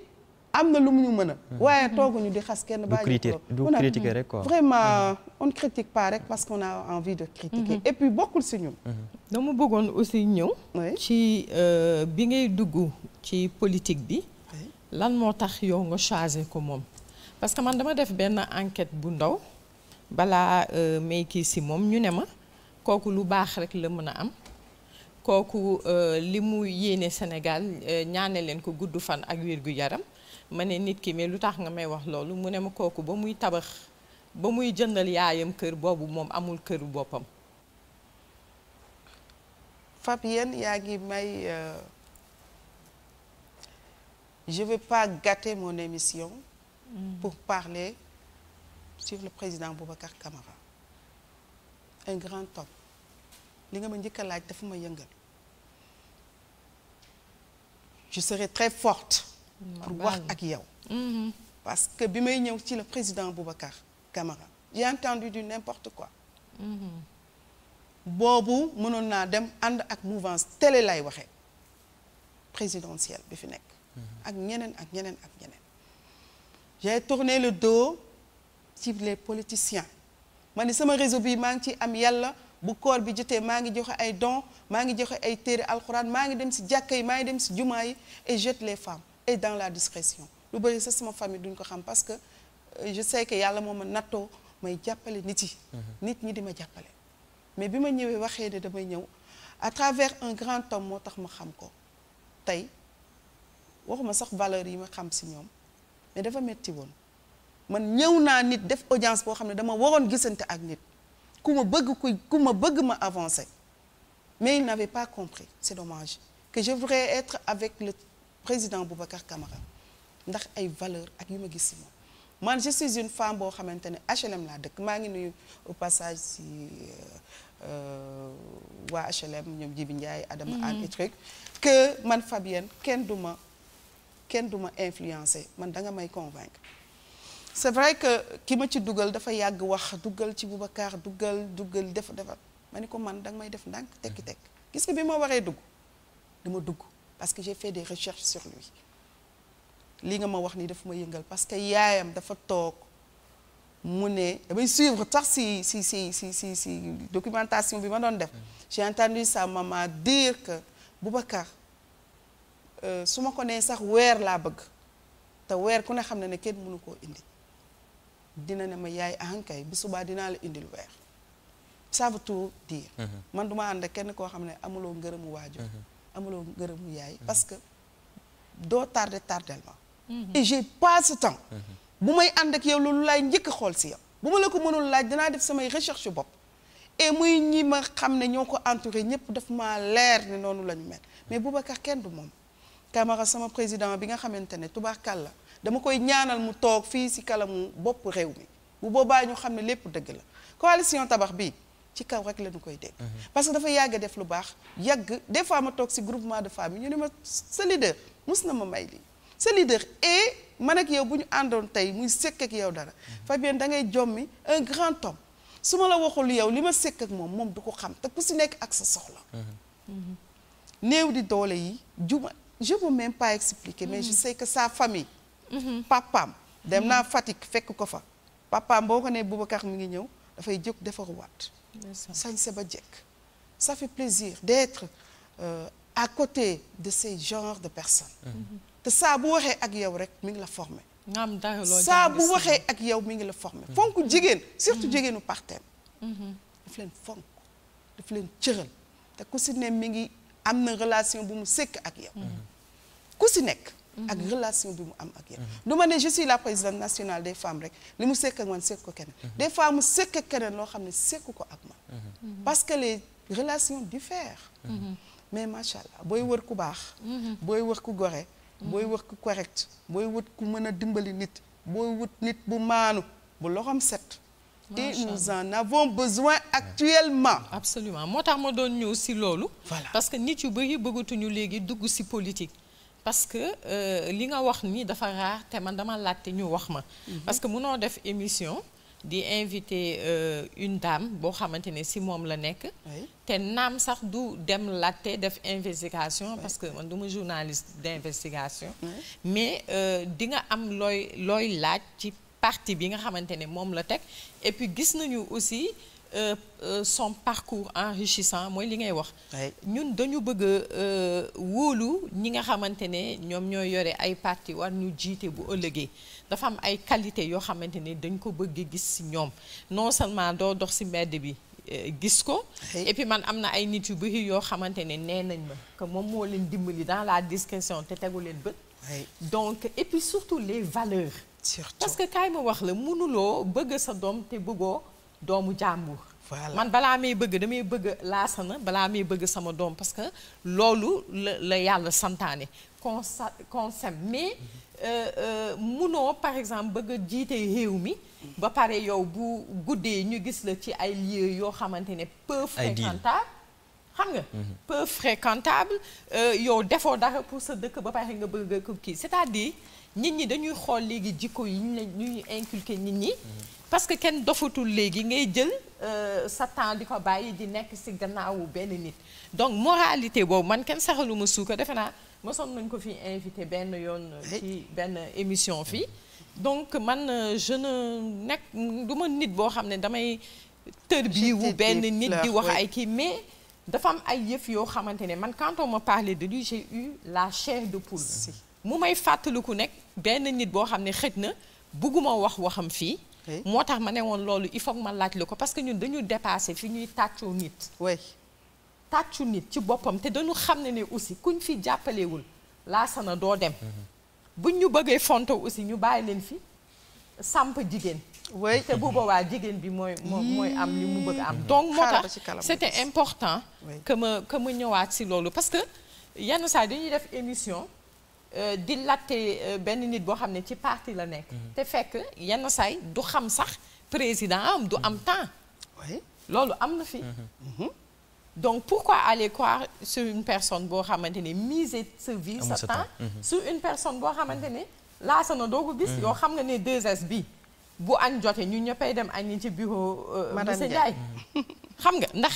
am na lu mu ñu mën a. Hmm. waaye tooguñu di xas kenn baa ñu toog du critiquer hmm. rek vraiment hmm. on ne critique pas rek parce qu'on a envie de critiquer. et puis bokkul si ñun. dama bëggoon aussi ñëw. ci euh, bi ngay dugg ci politique bi. lan moo tax yow nga choisir ko moom. parce que man dama def benn enquête bu ndaw balaa euh, may kii si moom ñu ne ma kooku lu baax rek la mën a am. kooku euh, li mu yéene Sénégal ñaane leen ko gudd fan ak wér gu yaram. ma ne nit ki mais lu tax nga may wax loolu mu ne ma kooku ba muy tabax ba muy jëndal yaayam kër boobu moom amul këru boppam Fab yéen yaa ngi may euh, je vais pas gâter mon émission mm. pour parler sur le président Boubacar Camara un grand homme li nga ma njëkka laaj dafa ma yëngal je serai très fort pour wax ak yow mm-hmm. parce que bi may ñëw ci la président Boubacar Camara j'ai entendu du n'importe quoi mm-hmm. boobu mënoon naa dem ànd ak mouvance télé lay waxee présidentielle bi fi nekk mm-hmm. ak ñeneen ak ñeneen ak ñeneen j'ai tourné le dos ci les politiciens ma ne sama réseau bi maa ngi ci am yàlla bu koor bi jotee maa ngi joxe ay dons maa ngi joxe ay téere alxuraan maa ngi dem si jàkka yi maa ngi dem si jumaa yi et j'aide les femmes et dans la discrétion lu bëri sax sama famille duñ ko xam parce que euh, je sais que yàlla moo ma nattoo may jàppale nit yi. Mhm. nit ñi di ma jàppale. mais bi ma ñëwee waxee ne damay ñëw à travers un grand homme moo tax ma xam ko tey waxuma sax valeur yi ma xam si ñoom mais dafa metti woon man ñëw naa nit def audience boo xam ne dama waroon gisante ak nit ku ma bëgg ku ku ma bëgg ma avancer mais il n'avait pas compris c'est dommage que je voudrais être avec le président Boubacar Camara ndax ay valeur ak yu ma gis si moom man je suis une femme boo xamante ne HLM laa dëkk maa ngi nuyu passage si euh, waa HLM ñoom Jibi njaay Adama mm-hmm. Anne et truc que man Fabienne kenn du ma kenn du ma influencé man da nga may convaincre c'est vrai que ki ma ci dugal dafa yàgg wax dugal ci Boubacar dugal dugal def defar ma ni ko man danga may def ndànk tekki-tekk gis nga bi ma waree dugg dama dugg parce que j'ai fait des recherches sur lui li nga ma wax nii dafa ma yëngal parce que yaayam dafa toog mu ne damay suivre tax si si si si si si documentation bi ma doon def j'ai entendu sa maman dire que Boubacar euh, su ma ko nee sax weer laa bëgg te weer ku ne xam ne ne kenn mënu koo indi dina ne ma yaay ahankay bu subaa dinaa la indil weer ça veut tout dire mm-hmm. man duma ànd kenn koo xam ne amuloo ngërëmu waajur mm-hmm. amuloo mu yaay parce que doo tardé tardel ma mhm. et j'ai pas mhm. bu may ànd ak yow loolu laay njëkk xool si yow bu ma la ko mënul laaj danaa def samay recherche bopp et muy ñii ma xam ne ñoo ko entouré ñëpp daf ma leer ne noonu la ñu mel mais Boubacar kenn du moom Camara sama président bi nga xamante ne tubaarkàlla dama koy ñaanal mu toog fii si kalamu bopp réew mi bu boobaa ñu xam ne lépp dëgg la coalition tabax bi ci kaw rek la ñu koy dégg. Mhm. parce que dafa yàgg def lu baax yàgg des fois ma toog si groupement de femmes yi ñu ne ma sa leader mus na ma may lii sa leader et man ak yow bu ñu àndoon tey muy sekk ak yow dara. Mhm. Fabienne da ngay jommi un grand homme su ma la waxul yow li ma sekk ak moom moom du ko xam te ku si nekk ak sa soxla. Mhm. néew di doole yi juma je peux même pas expliquer mais je sais que sa famille. papaam dem naa Fatick fekk ko fa. papaam boo ko nee Boubacar mi ngi ñëw dafay jóg defaruwaat. sañse ba jekk ça fait plaisir d'être euh, à côté de ces genre de personnes mhm. te saa bu waxee ak yow rek mi ngi la formé saa bu waxee ak yow mi ngi la formé mhm. fonk jigéen surtout mhm. jigéenu parteem daf leen fonk daf leen cëral te ku si ne mi ngi am na relation bu mu sëkk ak yow ku si nekk ak mhm. relation bi mu am ak yéen mhm. du ma ne je la présidente nationale des femmes rek li mu sekk ak man sekk ko keneen mhm. des fois mu sekk ak keneen loo xam ne sekk ko ak man parce que les relations diffèrent mais macha allah booy wër ku baax booy wër ku gore booy wër ku correct booy wut ku mën a dimbali nit booy wut nit bu maanu bu loxoom set te nous en avons besoin actuellement. absolument moo tax ma doon ñëw si loolu. voilà parce que nit yu bëri bëggatuñu léegi dugg si politique. parce que euh, li nga wax nii dafa raar te man dama laajte ñu wax ma. Mhm. parce que munoo def émission. di invité euh, une dame boo xamante ne si moom la nekk. Oui. te naam sax du dem laajte def investigation. Oui. parce que man du ma journaliste d'investigation. Oui. mais euh, di nga am looy looy laaj ci parti bi nga xamante ne moom la teg et gis nañu aussi. Euh, euh, son parcours enrichissant mooy li ngay wax ñun dañu bëgg euh, wóolu ñi nga xamante ne ñoom ñooy yore ay parti war ñu jiite bu ëllëgee dafa am ay qualité yoo xamante ne dañ ko bëgg gis ci ñoom non seulement doo dox ci mbedd bi gis ko et man am na ay nit yu bëri yoo xamante ne nee nañ ma que moom moo leen dimbali dans la discrétion te tegu leen bët donc et puis surtout les valeurs parce que kaay ma wax la mënuloo bëgg sa doom te bëggoo doomu jàmbur. voilà man balaa may bëgg damay bëgg laasana balaa may bëgg sama doom parce que loolu la yàlla santaane consa consem mais euh, euh, munoo par exemple bëgg a jiite réew mi. ba pare yow bu guddee ñu gis la ci ay lieux yoo xamante ne peu fréquentable xam nga. Mhm. peu fréquentable euh, yow defoo dara pour sa dëkk ba pare nga bëgg ko kii c'est-à-dire nit ñi dañuy xool léegi jikko yi ñu la ñuy inculquer nit ñi. Mhm. parce que kenn dofatul léegi ngay jël euh, sa temps di ko bàyyi di nekk si gannaawu benn nit donc moralité boobu man kenn saxalu ma suuka defe naa mosoon nañ ko fi invité benn yoon ci benn émission fii donc man euh, jeune ne nekk du ma nit boo xam ne damay tër bii wu benn nit di wax ay kii mais dafa am ay yëf yoo xamante ne man quand on m'a parlé de lui j'ai eu la chair de poule mu may fàttaliku nekk benn nit boo xam ne xëj na bugguma wax waxam fii moo tax ma ne woon loolu il faut ma laaj la ko parce que ñun dañu dépassé fi ñuy tàccoo nit. oui tàccu nit ci boppam te dañu xam ne ne aussi kuñ fi jàppalewul laasana doo dem. Mhm. buñ ñu bëggee fonto aussi ñu bàyyi leen fi samp jigéen. oui te bu boobaa jigéen bi mooy mooy am li mu bëgg am. Mhm. donc moo tax c'était important. que ma que ma ñëwaat si loolu parce que yenn saa dañuy def émission. Euh, di latte euh, benn nit boo xam ne ci parti la nekk. Mhm. te fekk yenn saay du xam sax président am du am mhm. temps. loolu am na fi. Mhm. donc pourquoi aller croire sur une personne boo xamante ne miser sa vie sa temps sur une personne boo xamante ne laasana doo ko gis. yoo xam nga ne 2S bi bu añ jotee ñu ñëppay dem ak añi ci bureau. Euh, madame Ndiaye monsieur Ndiaye xam nga ndax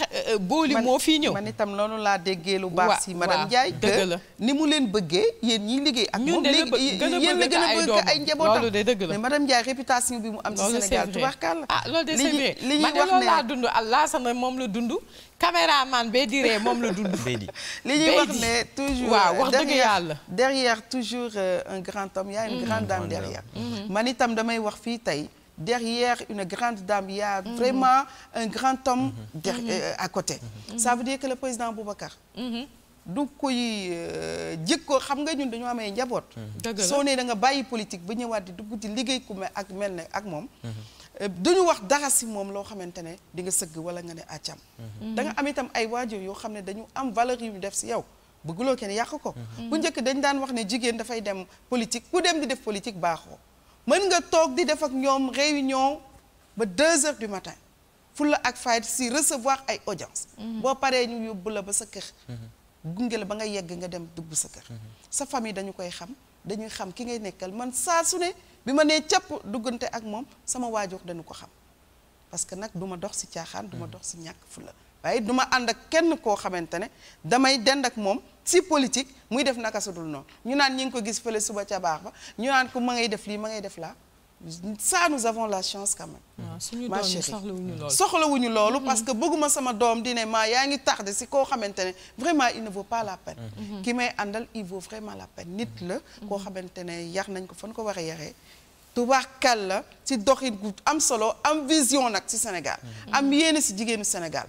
booli euh, euh, moo fii ñëw man itam loolu laa déggee lu baax si madame Ndiaye dëgg la ni mu leen bëggee yéen ñi liggéey ak ñu léegi yéen la gën a bëgg ay njabootam loolu de la mais madame Ndiaye réputation bi mu am ci Sénégal tubaarkalla ah loolu de c'est vrai li ñuy wax ne moom la dund caméraman bee diree moom la dund li ñuy wax ne wax dëgg yàlla derrière toujours euh, un grand homme y a une mm. mm-hmm. man itam damay wax fii tey derrière une grande dame il y a mhm. vraiment un grand homme mhm. Mhm. Euh, à côté ça veut dire que le président Boubacar du koy euh, jikko xam nga ñun dañoo amee njaboot soo nee da nga bàyyi politique ba ñëwaat di dugg ci liggéey ku mel ak mel ne ak moom euh, duñu wax dara si moom loo xamante ne di nga sëgg wala nga ne àccam da nga am itam ay waajur yoo xam ne dañu am valeur yu ñu def si yow bëgguloo kenn yàq ko bu njëkk dañ daan wax ne jigéen dafay dem politique ku dem di def politique baaxoo mën nga toog di def ak ñoom réunion ba deux heures du matin fulla ak fayda si recevoir ay audience mhm. boo paree ñu yóbbu la ba sa kër mhm. gunge la ba nga yegg nga dem dugg sa kër mhm. sa famille dañu koy xam dañuy xam ki ngay nekkal man saa su ne bi ma nee capp duggante ak moom sama waajur dañu ko xam parce que nag du ma dox si caaxaan duma ma dox si ñàkk fulla waaye du ma ànd ak kenn koo xamante ne damay dend ak moom ci politique muy def naka su dul noonu ñu naan ñi ngi ko gis fële suba ca baax ba ñu naan ko ma ngay def lii ma ngay def laa ça nous avons la chance quand même. Ah, ma chérie soxlawuñu loolu. parce mm-hmm. que bëgguma sama doom di ne ma yaa ngi tax tardé si koo xamante ne vraiment in ne vaut pas la peine. Mm-hmm. ki may àndal il vraiment la peine nit la. Mm-hmm. koo xamante ne yar nañ ko fan ko war a yaree. kal la si doxin gu am solo am vision nag si Sénégal. am yéene si jigéenu Sénégal.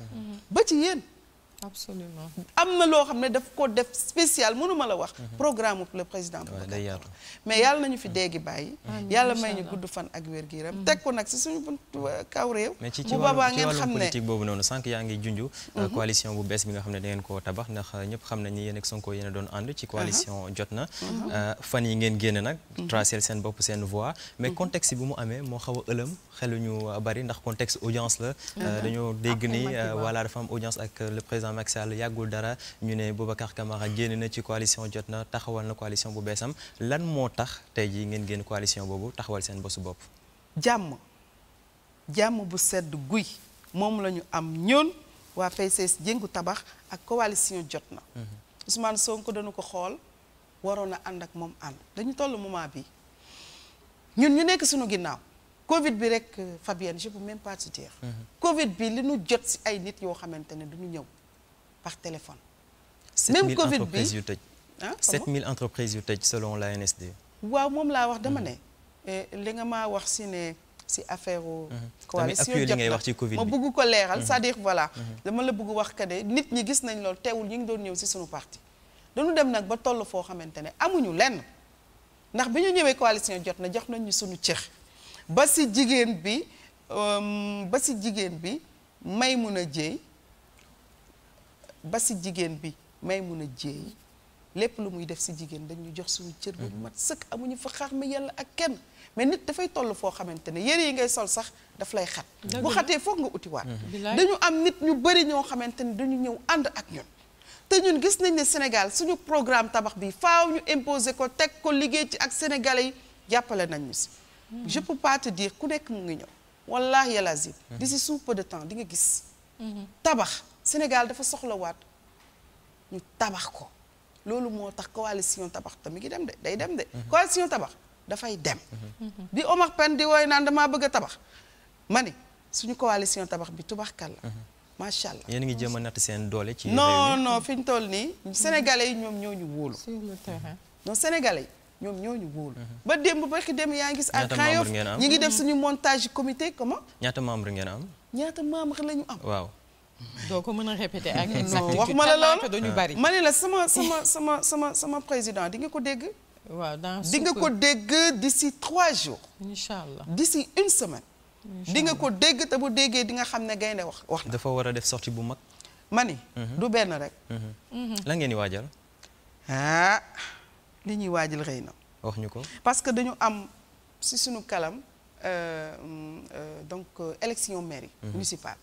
absolument am na loo xam ne daf ko def spécial mënuma la wax mhm. programme le président Boubacar mais yàlla nañu fi déegi bàyyi mhm. yàlla may ñu gudd fan ak wér gi yaram mhm. teg ko nag si suñu buntu euh, kaw réew bu boobaa euh, bu nga xam ne da ngeen koo tabax ndax euh, ñëpp xam nañu yéen ak Sonko yéen a doon ànd ci coalition uh-huh. jot na uh-huh. fan yi ngeen génn nag uh-huh. tracer seen bopp seen voix mais contexte bi mu amee moo xaw a ëlëm xeluñu bari ndax contexte audience la dañoo dégg ah, ni voilà dafa président Macky Sall yàggul dara ñu ne Boubacar Camara génn na ci coalition jot na taxawal na coalition bu beesam lan moo tax tey ji ngeen génn coalition boobu taxawal seen bosu bopp. jàmm jàmm bu sedd guy moom lañu am ñoon waa PCS jëngu tabax ak coalition jot na. Mhm. Ousmane Sonko dañu ko xool waroon a ànd ak moom ànd dañu toll moment bi ñun ñu nekk suñu ginnaaw. Covid bi rek euh, Fabienne je peux même pas mhm. Covid bi li ñu jot ci ay nit yoo xamante ne du ñu ñëw. par téléphone. même Covid bi 7000 entreprises yu tëj. ah mille entreprises yu tëj solon la l'ANSD. waaw moom laa wax dama hmm. ne. Eh, li nga ma wax si ne si affaire. Hmm. coalition jot na ma bëgg ko leeral hmm. c'est-à-dire voilà. dama la bëgg wax que ne nit ñi gis nañ loolu teewul ñu ngi doon ñëw si sunu parti. dañu dem nag ba toll foo xamante ne amuñu lenn ndax bi ñu ñëwee coalition jot na jox nañ ñu sunu cër ba si jigéen bi euh, ba si jigéen bi may mun a jéey. ba si jigéen bi may mun a jéey lépp lu muy def si jigéen dañu jox suñu cër bu mat sëkk amuñu fa xaar ma yàlla ak kenn mais nit dafay toll foo xamante ne yére yi ngay sol sax daf lay xat bu xatee foog nga uti utiwaat mmh. dañu am nit ñu bëri ñoo xamante ne dañu ñëw ànd ak ñun te ñun gis nañ ne Sénégal suñu programme tabax bi faaw ñu imposer ko teg ko liggéey ci ak sénégalais yi jàppale nañ ñu si mmh. je peux pas ku nekk mu ngi ñëw wallahi yàlla zib mmh. d'ici sous peu de temps di nga gis tabax Sénégal dafa soxlawaat ñu tabax ko loolu moo tax coalition tabax tam mi ngi dem de day dem de. Mhm. coalition tabax dafay dem. bi mhm. Omar Pène di wooy naan damaa bëgg a tabax ma ni suñu coalition tabax bi tubax tubaxkal la. Mhm. macha allah yéen ngi jéem a natt seen doole. ci non non fi ñu toll nii. sénégalais yi ñoom ñoo ñu wóolu. sur le terrain non sénégalais yi ñoom ñoo ñu wóolu. ba démb ba ki démb yaa ngi gis. ñaata membre ngeen am ñi ngi dem suñu montage comité comment. ñaata membre ngeen am. ñaata membre la ñu waaw. doo ko mën a répéter ak exactitude wax ma la loolu dañu ah. bari ma ne la sama sama sama sama sama président di nga ko dégg waaw di nga ko dégg d'ici trois jours incha allah d'ici une semaine di nga ko dégg te bu déggee di nga xam ne gaynde wax wax na dafa war a def sortie bu mag ma ni mhm. du benn rek mhm. mhm. la ngeen di waajal ah li ñuy waajal xëy na wax ñu ko parce que dañu am si suñu kalam euh, euh, donc euh, élection mairie municipale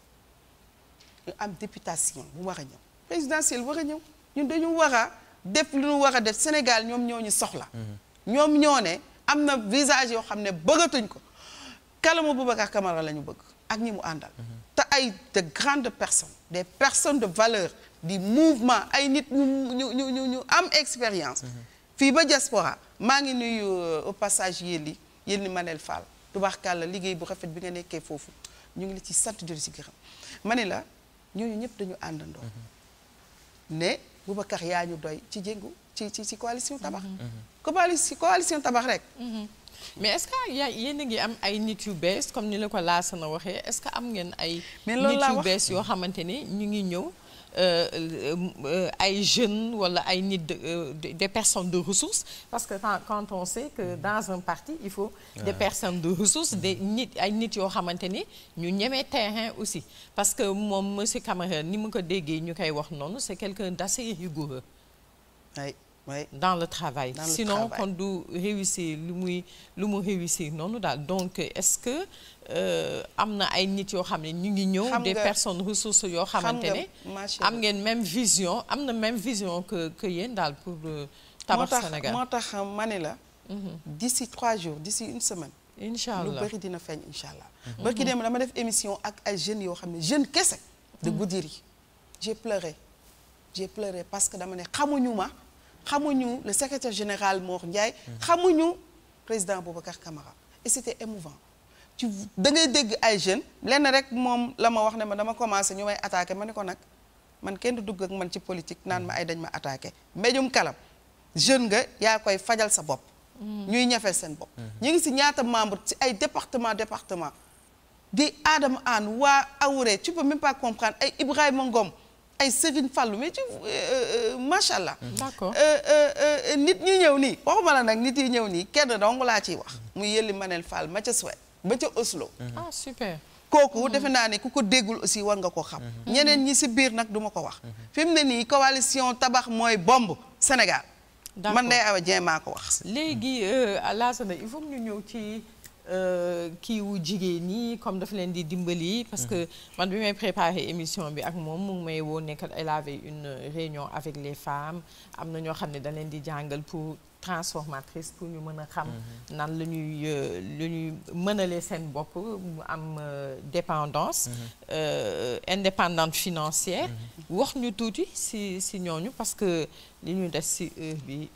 ñu am députation bu war a ñëw présidentielle war a ñëw ñun dañu war a def lu ñu war def Sénégal ñoom ñoo ñu soxla. Mhm. ñoom ñoo ne am na visage yoo xam ne bëggatuñ ko kalamu Boubacar Camara la ñu bëgg ak ñi mu àndal. Mhm. te ay de grandes personnes des personne de valeur di mouvement ay nit ñu ñu ñu am expérience. Mhm. fii ba diaspora maa ngi nuyu euh, au passage yéen ni yéen i Manel Fall tubaarkàlla liggéey bu rafet bi nga nekkee foofu ñu ngi la ci sant di ci gërëm ma ne la. ñooñu ñëpp dañu àndandoo. Mhm. ne Boubacar yaa ñu doy ci jéngu ci ci ci coalition tabax. coalition mhm. mhm. coalition tabax rek. mais est-ce que a ngi am ay nit yu bees comme ni la ko Laasana waxee est-ce que am ngeen ay. mais loolu laa nit yu bees yoo xamante ni ñu ngi ñëw. Euh, euh, ay jeunes wala ay nit de euh, personnes de ressources parce que quand on sait que mm. dans un parti il faut des personnes de ressources mm. des nit ay nit yoo xamante ni ñu ñemee terrain aussi parce que moom si Camara ni ma ko déggee ñu koy wax noonu c'est quelqu'un d'assez rigoureux oui dans le travail. Dans sinon kon du réussir lu muy lu mu réussir noonu daal donc est-ce que euh, am na ay nit yoo xam ne ñu ngi ñëw. des personnes ressources yoo. xamante ne am ngeen même vision am na même vision que que yéen daal pour. Euh, tabax Sénégal moo tax moo ma ne la. Mhm. d'ici trois jours d'ici une semaine. incha allah lu bëri dina feeñ incha allah. Mhm. ba ki dem dama def émission ak ay jeunes yoo xam ne jeunes kese. de mhm. Goudiri j'ai pleuré parce que dama ne xamuñu ma. xamuñu le secretaire général Mor Ndiaye. xamuñu président Boubacar Camara et c'était émouvant ci da ngay dégg ay jeunes lenn rek moom la ma wax ne ma dama commencé ñu may attaqué ma ne ko nag man kenn du dugg ak man ci politique naan ma ay dañ ma attaqué mbéjum kalam jeune nga yaa koy fajal sa bopp. Mm. ñuy ñafeel seen bopp. Mm-hmm. ñu ngi si ñaata membre ci ay département département di Adama Anne waa Awuré ci peux même pas comprendre ay Ibrahima Ngom. ay Sevin Fallou mais ci macha allah. d'accord euh, euh, nit ñi ñëw nii waxuma la nag nit yi ñëw nii kenn dong laa ciy wax. Mm-hmm. mu Yelli Manel Fall ma ca Suède ba ca Oslo. Mm-hmm. Ah, kooku mm-hmm. defe naa ne ku ko déggul aussi war nga ko xam. ñeneen ñi si biir nag duma ko wax. fi mu ne nii coalition tabax mooy bomb Sénégal. man day awa jéem a ko wax. léegi euh, Lassana il faut ñu ñëw ci. Euh, kiiwu jigéen ñi comme dafa leen di dimbali. parce que mhm. man bi may préparé émission bi ak moom mu may woo nekk elle avait une réunion avec les femmes am na ñoo xam ne da leen di jàngal pour transformatrice pour ñu mën a xam. Mhm. nan la ñuy euh, la ñuy mënalee seen bopp mu am euh, dépendance. Mhm. indépendante financière. wax ñu tuuti si si ñooñu parce que li ñuy des si heure bi.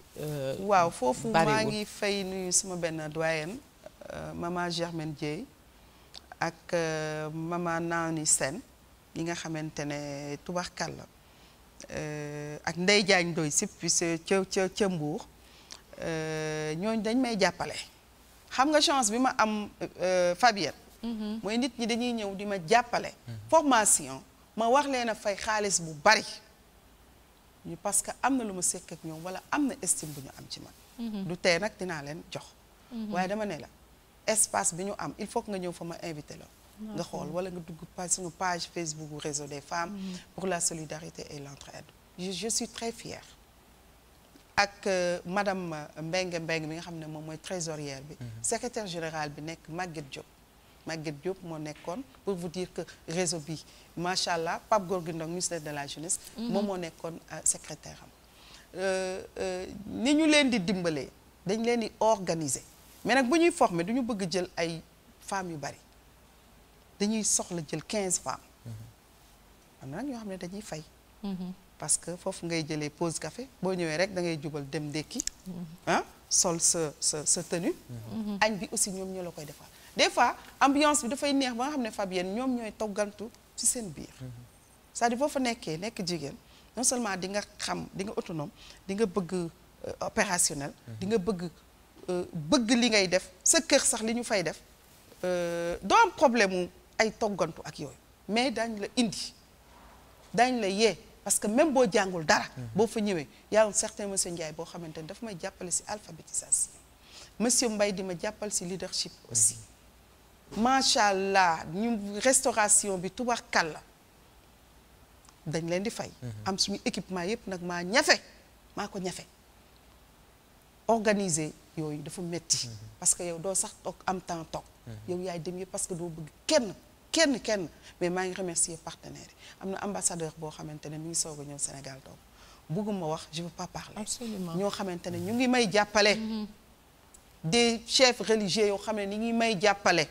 waaw foofu maa ngi fay nuyu sama benn doyen. Euh, maman Germaine Dieye ak euh, maman Naomi seen yi nga xamante ne tubaxkàlla euh, ak Ndeye Diagne Ndoye si puisque ca ca ca Mbour ñooñu dañ may jàppale xam nga chance bi ma am Fabienne mhm. mooy nit ñi dañuy ñëw di ma jàppale mhm. formation ma wax leen a fay xaalis bu bari ñu parce que am na lu ma sekk ak ñoom wala am na estime bu ñu am ci man mhm. du tey nag dinaa leen jox waaye dama ne la espace bi ñu am il faut nga ñëw fa ma invité la ah, nga xool wala nga dugg page suñu page Facebook réseau des femmes mm-hmm. pour la solidarité et l'entraide je, je suis très fière ak euh, madame euh, Mbengue Mbengue bi nga xam ne moom mooy trésorière bi mm-hmm. secretaire général bi nekk Maguette Diop Maguette Diop moo nekkoon pour vous dire que réseau bi macha allah Pape Gorgui Ndong ministère de la jeunesse mm-hmm. moom moo nekkoon euh, secrétaire am ni ñu leen di dimbalee dañ leen di organiser mais nag bu ñuy former du ñu bëgg jël ay femmes yu bari dañuy soxla jël quinze femmes mm-hmm. am na nag ñoo xam ne dañuy fay mm-hmm. parce que foofu ngay jëlee pause café boo ñëwee rek da ngay jubal dem ndékki mm-hmm. ah sol sa sa sa tenue añ bi aussi ñoom ñoo la koy defal des fois ambiance bi dafay neex ba nga xam ne Fabienne ñoom ñooy toggantu ci seen biir cest à boo fa nekkee nekk jigéen non seulement di nga xam di nga autonome di nga bëgg euh, opérationnel di nga bëgg Euh, bëgg li ngay def sa kër sax li ñu fay def euh, doo am problème mu ay toggantu ak yooyu mais daañ la indi daañ la yee parce que même boo jàngul dara. Mm-hmm. boo fa ñëwee yaa un certain monsieur Ndiaye boo xamante ne daf may jàppale si alphabétisation monsieur mbay di ma jàppal si leadership aussi. Mm-hmm. macha allah ñu restauration bi tubarkalla dañ leen di fay. Mm-hmm. am suñu équipement yépp nag maa ñafe maa ko ñafe. organiser yooyu dafa metti mhm. parce que yow doo sax toog am temps toog mhm. yow yaay dem yëpp parce que doo bëgg kenn kenn kenn mais maa ngi remercier partenaire yi am na ambassadeur boo xamante ne mi ngi soog a ñëw Sénégal toog bëgguma wax je veux pas parler absolument ñoo xamante ne ñu ngi may jàppale mhm. des chefs religieux yoo xam ne ni ngi may jàppale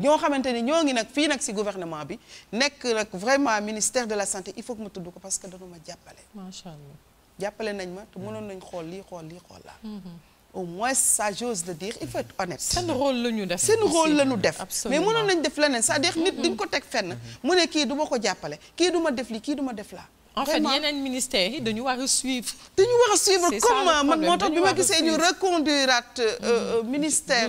ñoo xamante ne ñoo ngi nag fii nag ci gouvernement bi nekk nag vraiment ministère de la santé il faut que ma tudd ko parce que dañu ma jàppale macha allah jàppale nañ ma te mënoon nañ xool lii xool lii xool laa mhm. au moins sa j'ose le dire il faut être honnête seen rôle la ñu def seen rôle la ñu def mais mënoon nañ def leneen c'est-à-dire nit mhm. di nga ko teg fenn mhm. mu ne kii du ko jàppale kii du def lii kii du def laa ma fait yeneen ministères yi dañu war a suivre. dañu war a suivre comme euh, man moo tax bi ma gisee ñu reconduiraat euh, mm-hmm. euh, ministère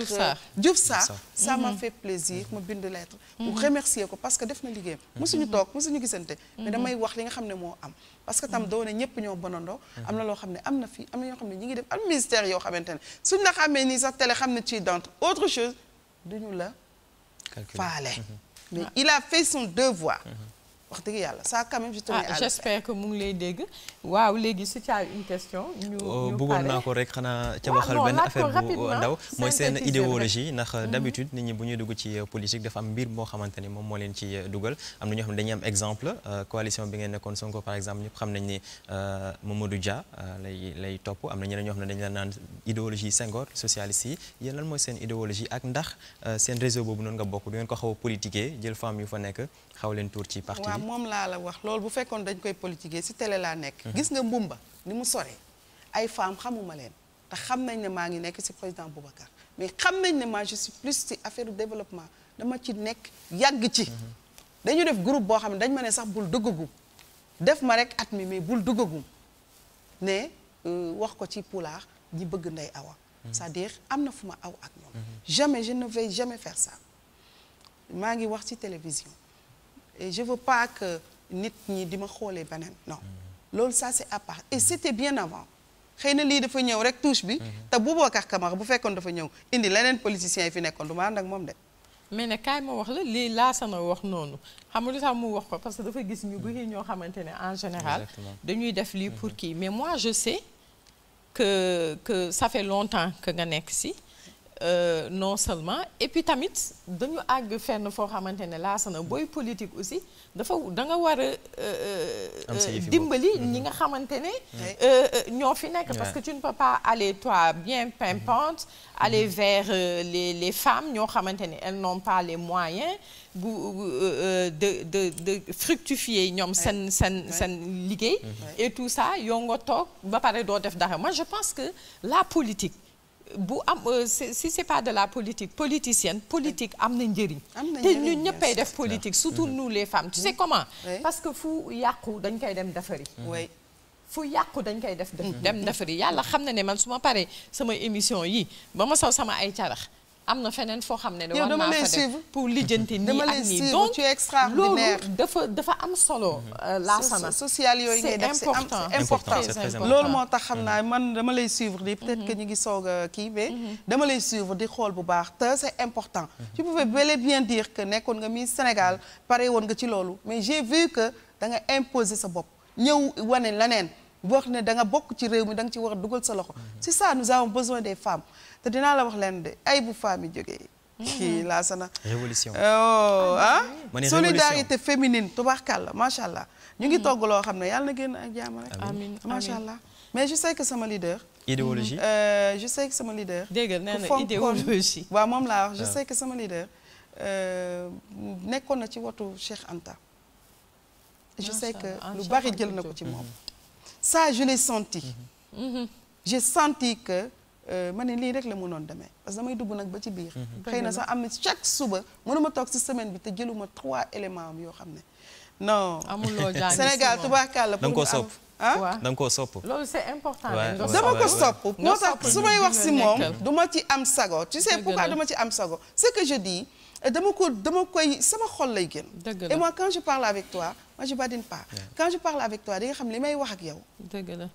Diouf Sarr ça m'a mm-hmm. fait plaisir ma bind lettre. pour mm-hmm. remercier ko parce que def na liggéeyam. mosuñu toog mosuñu gisante. mais damay wax li nga xam ne moo am. parce que tam doo ne ñëpp ñoo bonandoo. am na loo xam ne am na fii am na ñoo xam ne ñu ngi def am ministère yoo xamante ne suñ la xamee nii sax télé xam ne ci d'entre autre chose la faale. mais il a fait son wax dëgg yàlla ça quand même je tenais à le mu ngi lay dégg waaw léegi si tu as une question. ñu oh, ñu bëggoon naa ko rek xanaa ca waxal ah, benn affaire bu uh, ndaw mooy seen idéologie ndax mhm. d'habitude nit ñi bu ñuy dugg ci euh, politique dafa am mbir moo xamante ni moom moo leen ci euh, dugal am na ñoo xam ne exemple euh, coalition bi ngeen nekkoon Sonko par exemple ñëpp xam nañ ni Mamadou Dia lay lay topp am na ñeneen ñoo xam ne dañu la naan idéologie Senghor socialiste yi yéen mooy seen idéologie ak ndax seen réseau boobu noonu nga bokk du ngeen ko xaw a jël femme yu fa nekk xaw leen tuur ci parti waaw moom laa la wax lool bu fekkoon dañ koy politiquer ci télé laa nekk mhm. gis nga mbumba ni mu sore ay femmes xamuma leen te xam nañ ne maa ngi nekk ci président Boubacar mais xam nañ ne maa plus ci affaire développement dama ci nekk yàgg ci mhm. dañu def groupe boo xam ne dañ ma ne sax bul duggagum def ma rek at mi mais bul duggagum ne euh, wax ko ci pulaar ñi bëgg ndey awa mhm. sa à dire am na fu ma aw ak ñoom jamais je ne vais jamais faire ça maa ngi wax ci télévision et je veux pas que nit ñi di ma xoolee beneen non loolu ça c'est à part et c'était bien avant xëy na lii dafa ñëw rek touche bi mhm. te Boubacar Camara bu fekkoon dafa ñëw indi leneen politiciens yi fi nekkoon du ma ànd ak moom de mais ne kaay ma wax la lii laa na wax noonu xam nga lu tax mu wax ko parce que dafa gis ñu bëri ñoo xamante ne en général dañuy def lii pour mhm. kii mais moi je sais que que ça longtemps que nga nekk si Euh, non seulement et puis tamit dañu àgg fenn foo xamante ne laasana booy politique aussi dafa da nga war a euh, euh, dimbali mm-hmm. ñi nga xamante ne ñoo fi nekk parce que tu ne peux pas aller toi bien pimpante mm-hmm. aller mm-hmm. vers les les femmes ñoo xamante ne elles n'ont pas les moyens bu de de de fructifier ñoom seen seen seen liggéey et tout ça yow nga toog ba pare doo def dara moi je pense que la politique bu am euh, si c'est pas de la politique politicienne politique am na njëriñ te ñun ñëppay def politique surtout mhm. nous les femmes tu sais comment parce que fu yàqu dañ koy dem defari mhm. fu yàqu dañ koy def mhm. dem defari yàlla xam na ne man su ma paree sama émission yi ba ma saw sama ay carax am na feneen foo xam ne ne war naa pour lijjanti nii ak nii donc loolu mm-hmm. dafa am solo mm-hmm. euh, laasana social yooyu ngay def c'est important loolu moo tax xam mm-hmm. naa man dama lay suivre di peut-être ñu ngi soog a kii mais dama lay suivre di xool bu baax te c'est important tu pouvais bel et bien dire que nekkoon nga Miss Sénégal pare woon nga ci loolu mais je vu que danga nga imposer sa bopp ñëw wane leneen wax ne da nga bokk ci réew mi da nga ci war a dugal sa loxo c'est ça nous avons besoin des femmes te dinaa la wax leen de ay bu femme yi jógee. kii mhm. laa sana. révolution oh ah. solidarité féminine tubaarkàlla macha allah. ñu ngi mhm. togg loo xam ne yàlla na génn ak jàmm rek. amiin allah mais je sais que sama leader. idéologie mhm. euh, je sais que sama leader. dégg na idéologie waaw moom laa wax je ah. sais que sama leader. Euh, nekkoon na ci watu Cheikh Anta. je sais que ah, lu bari jël na ko ci moom. ça je l'ai senti. j'ai senti que. Euh, ma ne lii rek la mënoon demee parce que damay dugg nag ba ci biir. Mhm. xëy na sax am na chaque suba mënuma toog ci semaine bi te jëluma trois éléments yoo xam ne non. amuloo jàng Sénégal tubaarkàlla pour mu am ah da nga koo sopp. loolu c'est important. dama ko sopp moo tax su may wax si moom du ma ci am sago tu sais pourquoi du ci am sago ce que je dis dama ko dama koy sama xol lay génn. et moi quand je parle avec toi moi je badine pas. quand je parle avec toi di nga xam li may wax ak yow. dëgg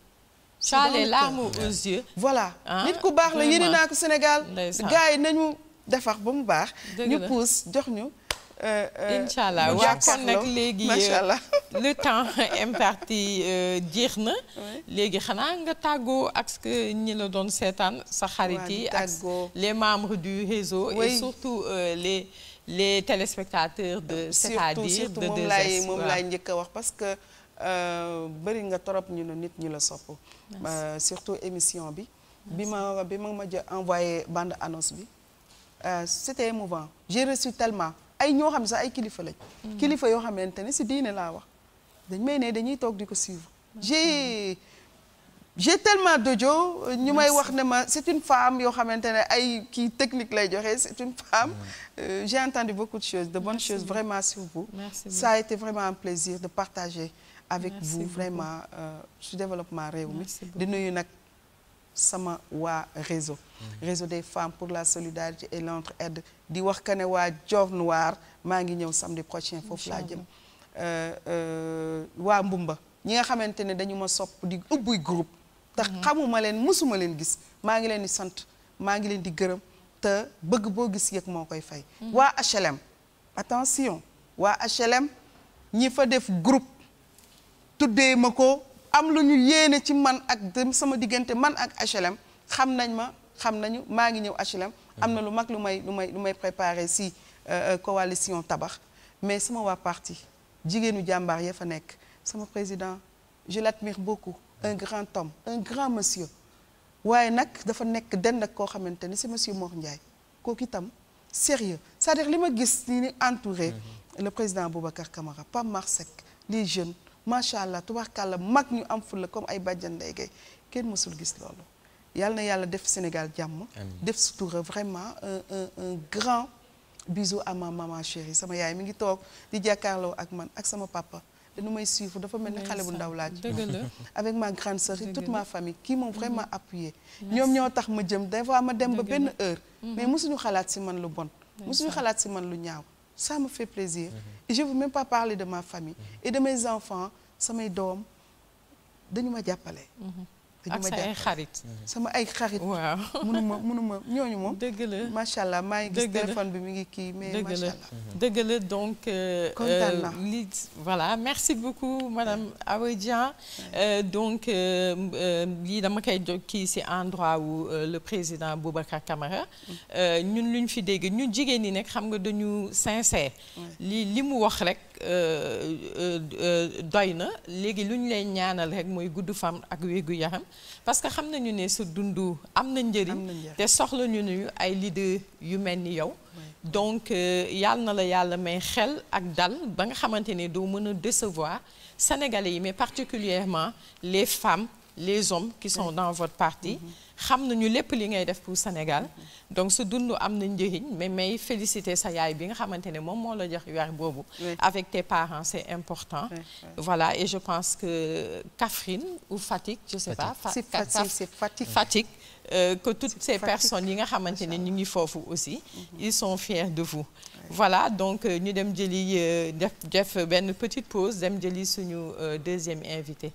ça les larmes aux yeux. voilà ah, nit ku baax la yéene naa ko Sénégal. gars yi nañu defar ba mu baax. ñu pousse jox ñu. Euh, euh, incha allah waa kon nag léegi euh, <laughs> le temps <laughs> imparti jeex na. léegi xanaa nga tàggoo que ñi la doon seetaan sa xarit yi. ak les membres du réseau. et surtout les les téléspectateurs de. c'est-à-dire de 2 moom laay moom njëkk a wax parce que. Euh, bëri nga torop ñu ne nit ñi la sopp euh, surtout émission bi bi ma bi ma ma jë envoyé bande annonce bi euh, c'était émouvant j'ai reçu tellement ay ñoo xam ne sax ay kilifa lañ mm. kilifa yoo xamante ne si diine laa wax dañ may ne dañuy toog di ko suivre j'ai j'ai tellement d'audio ñu may wax ne ma c'est une femme yoo xamante ne ay kii technique lay joxe c'est une femme euh, j'ai entendu beaucoup de choses de bonnes Merci vraiment sur vous Merci a été vraiment un plaisir de partager avec vous vraiment euh, su développement réew mi di nuyu nag sama waa réseau mm-hmm. réseau des femmes pour la solidarité et l'entraide di wax que ne waa Dior maa ngi ñëw samedi prochain foofu laa jëm euh, euh, waa Mbumba ñi nga xamante ne dañu ma sopp di ubbi group tax mm-hmm. xamuma leen mësuma leen gis maa ngi leen di sant maa ngi leen di gërëm te bëgg boo gis yëg moo koy fay mm-hmm. waa HLM attention waa HLM ñi fa def groupe tuddee ma ko am lu ñu yéene ci man ak dem sama diggante man ak HLM xam nañ ma xam nañu maa ngi ñëw HLM. am na lu mag lu may may lu may préparé si euh, euh, coalition tabax mais sama waa parti jigéenu jàmbaar ya fa nekk sama président je l'admire beaucoup un grand homme un grand monsieur waaye nag dafa nekk dend ak koo xamante ni c'est monsieur Mor Ndiaye kooku itam sérieux cest dire li ma gis ni ni entouré mm-hmm. le président Boubacar Camara Pape Marsec les jeunes macha allah tubaarkàlla mag ñu am fulla comme ay bàjjan Ndeye Gueye kenn mësul gis loolu yàlla na yàlla def Sénégal jàmm def sutura vraiment un un un grand bisou à ma maman sama yaay mi ngi toog di jàkkaarloo ak man ak sama papa nu may suivre dafa mel ni xale bu ndaw laaj <laughs> avec ma grande sœur et ma famille kii moom vraiment mhm. appuyé ñoom ñoo tax ma jëm des fois ma dem ba benn heure mhm. mais mosuñu xalaat si man lu bon mosuñu xalaat si man lu ñaaw ça me fait plaisir. Mhm. et je veux même pas parler de ma famille. Mhm. et de mes enfants samay doom dañu ma jàppale. Mhm. ak sa ay xarit sama ay xarit. waaw munuma munuma ñooñu moom. dëgg la macha allah maa ngi gis téléphone bi mu ngi kii mais macha allah. dëgg la donc. Euh, kontaan naa euh, li voilà merci beaucoup madame Awa Dia. Euh, donc lii dama koy jóg kii si endroit wu le président Boubacar Camara. Mm. ñun ñu fi dégg ñu jigéen ñi nag xam nga dañu sincère. li li mu wax rek. Euh, euh, euh, doy na léegi lu ñu lay ñaanal rek mooy gudd fan ak wéegu yaram parce que xam nañu ne sa dundu am na njëriñ te soxla ñu ne ay leader yu mel ni yow donc yàlla na la yàlla may xel ak dal ba nga xamante ne doo mën a décevoir sénégalais yi mais particulièrement les femmes les hommes qui sont mm-hmm. dans votre parti. Mm-hmm. xam na ñu lépp li ngay def pour Sénégal. Mm-hmm. donc su dund am na njëriñ mais may féliciter sa yaay bi nga xamante ne moom moo la jox weer boobu. avec tes parents c'est important. voilà et je pense que Kaffrine ou Fatick je sais pas. c'est Fatick Fatick. Euh, que toutes ces personnes yi nga xamante ne ñu ngi foofu aussi. ils sont fiers de vous. voilà donc euh, ñu dem jëli euh, def def benn petite pause dem jëli suñu deuxième invité.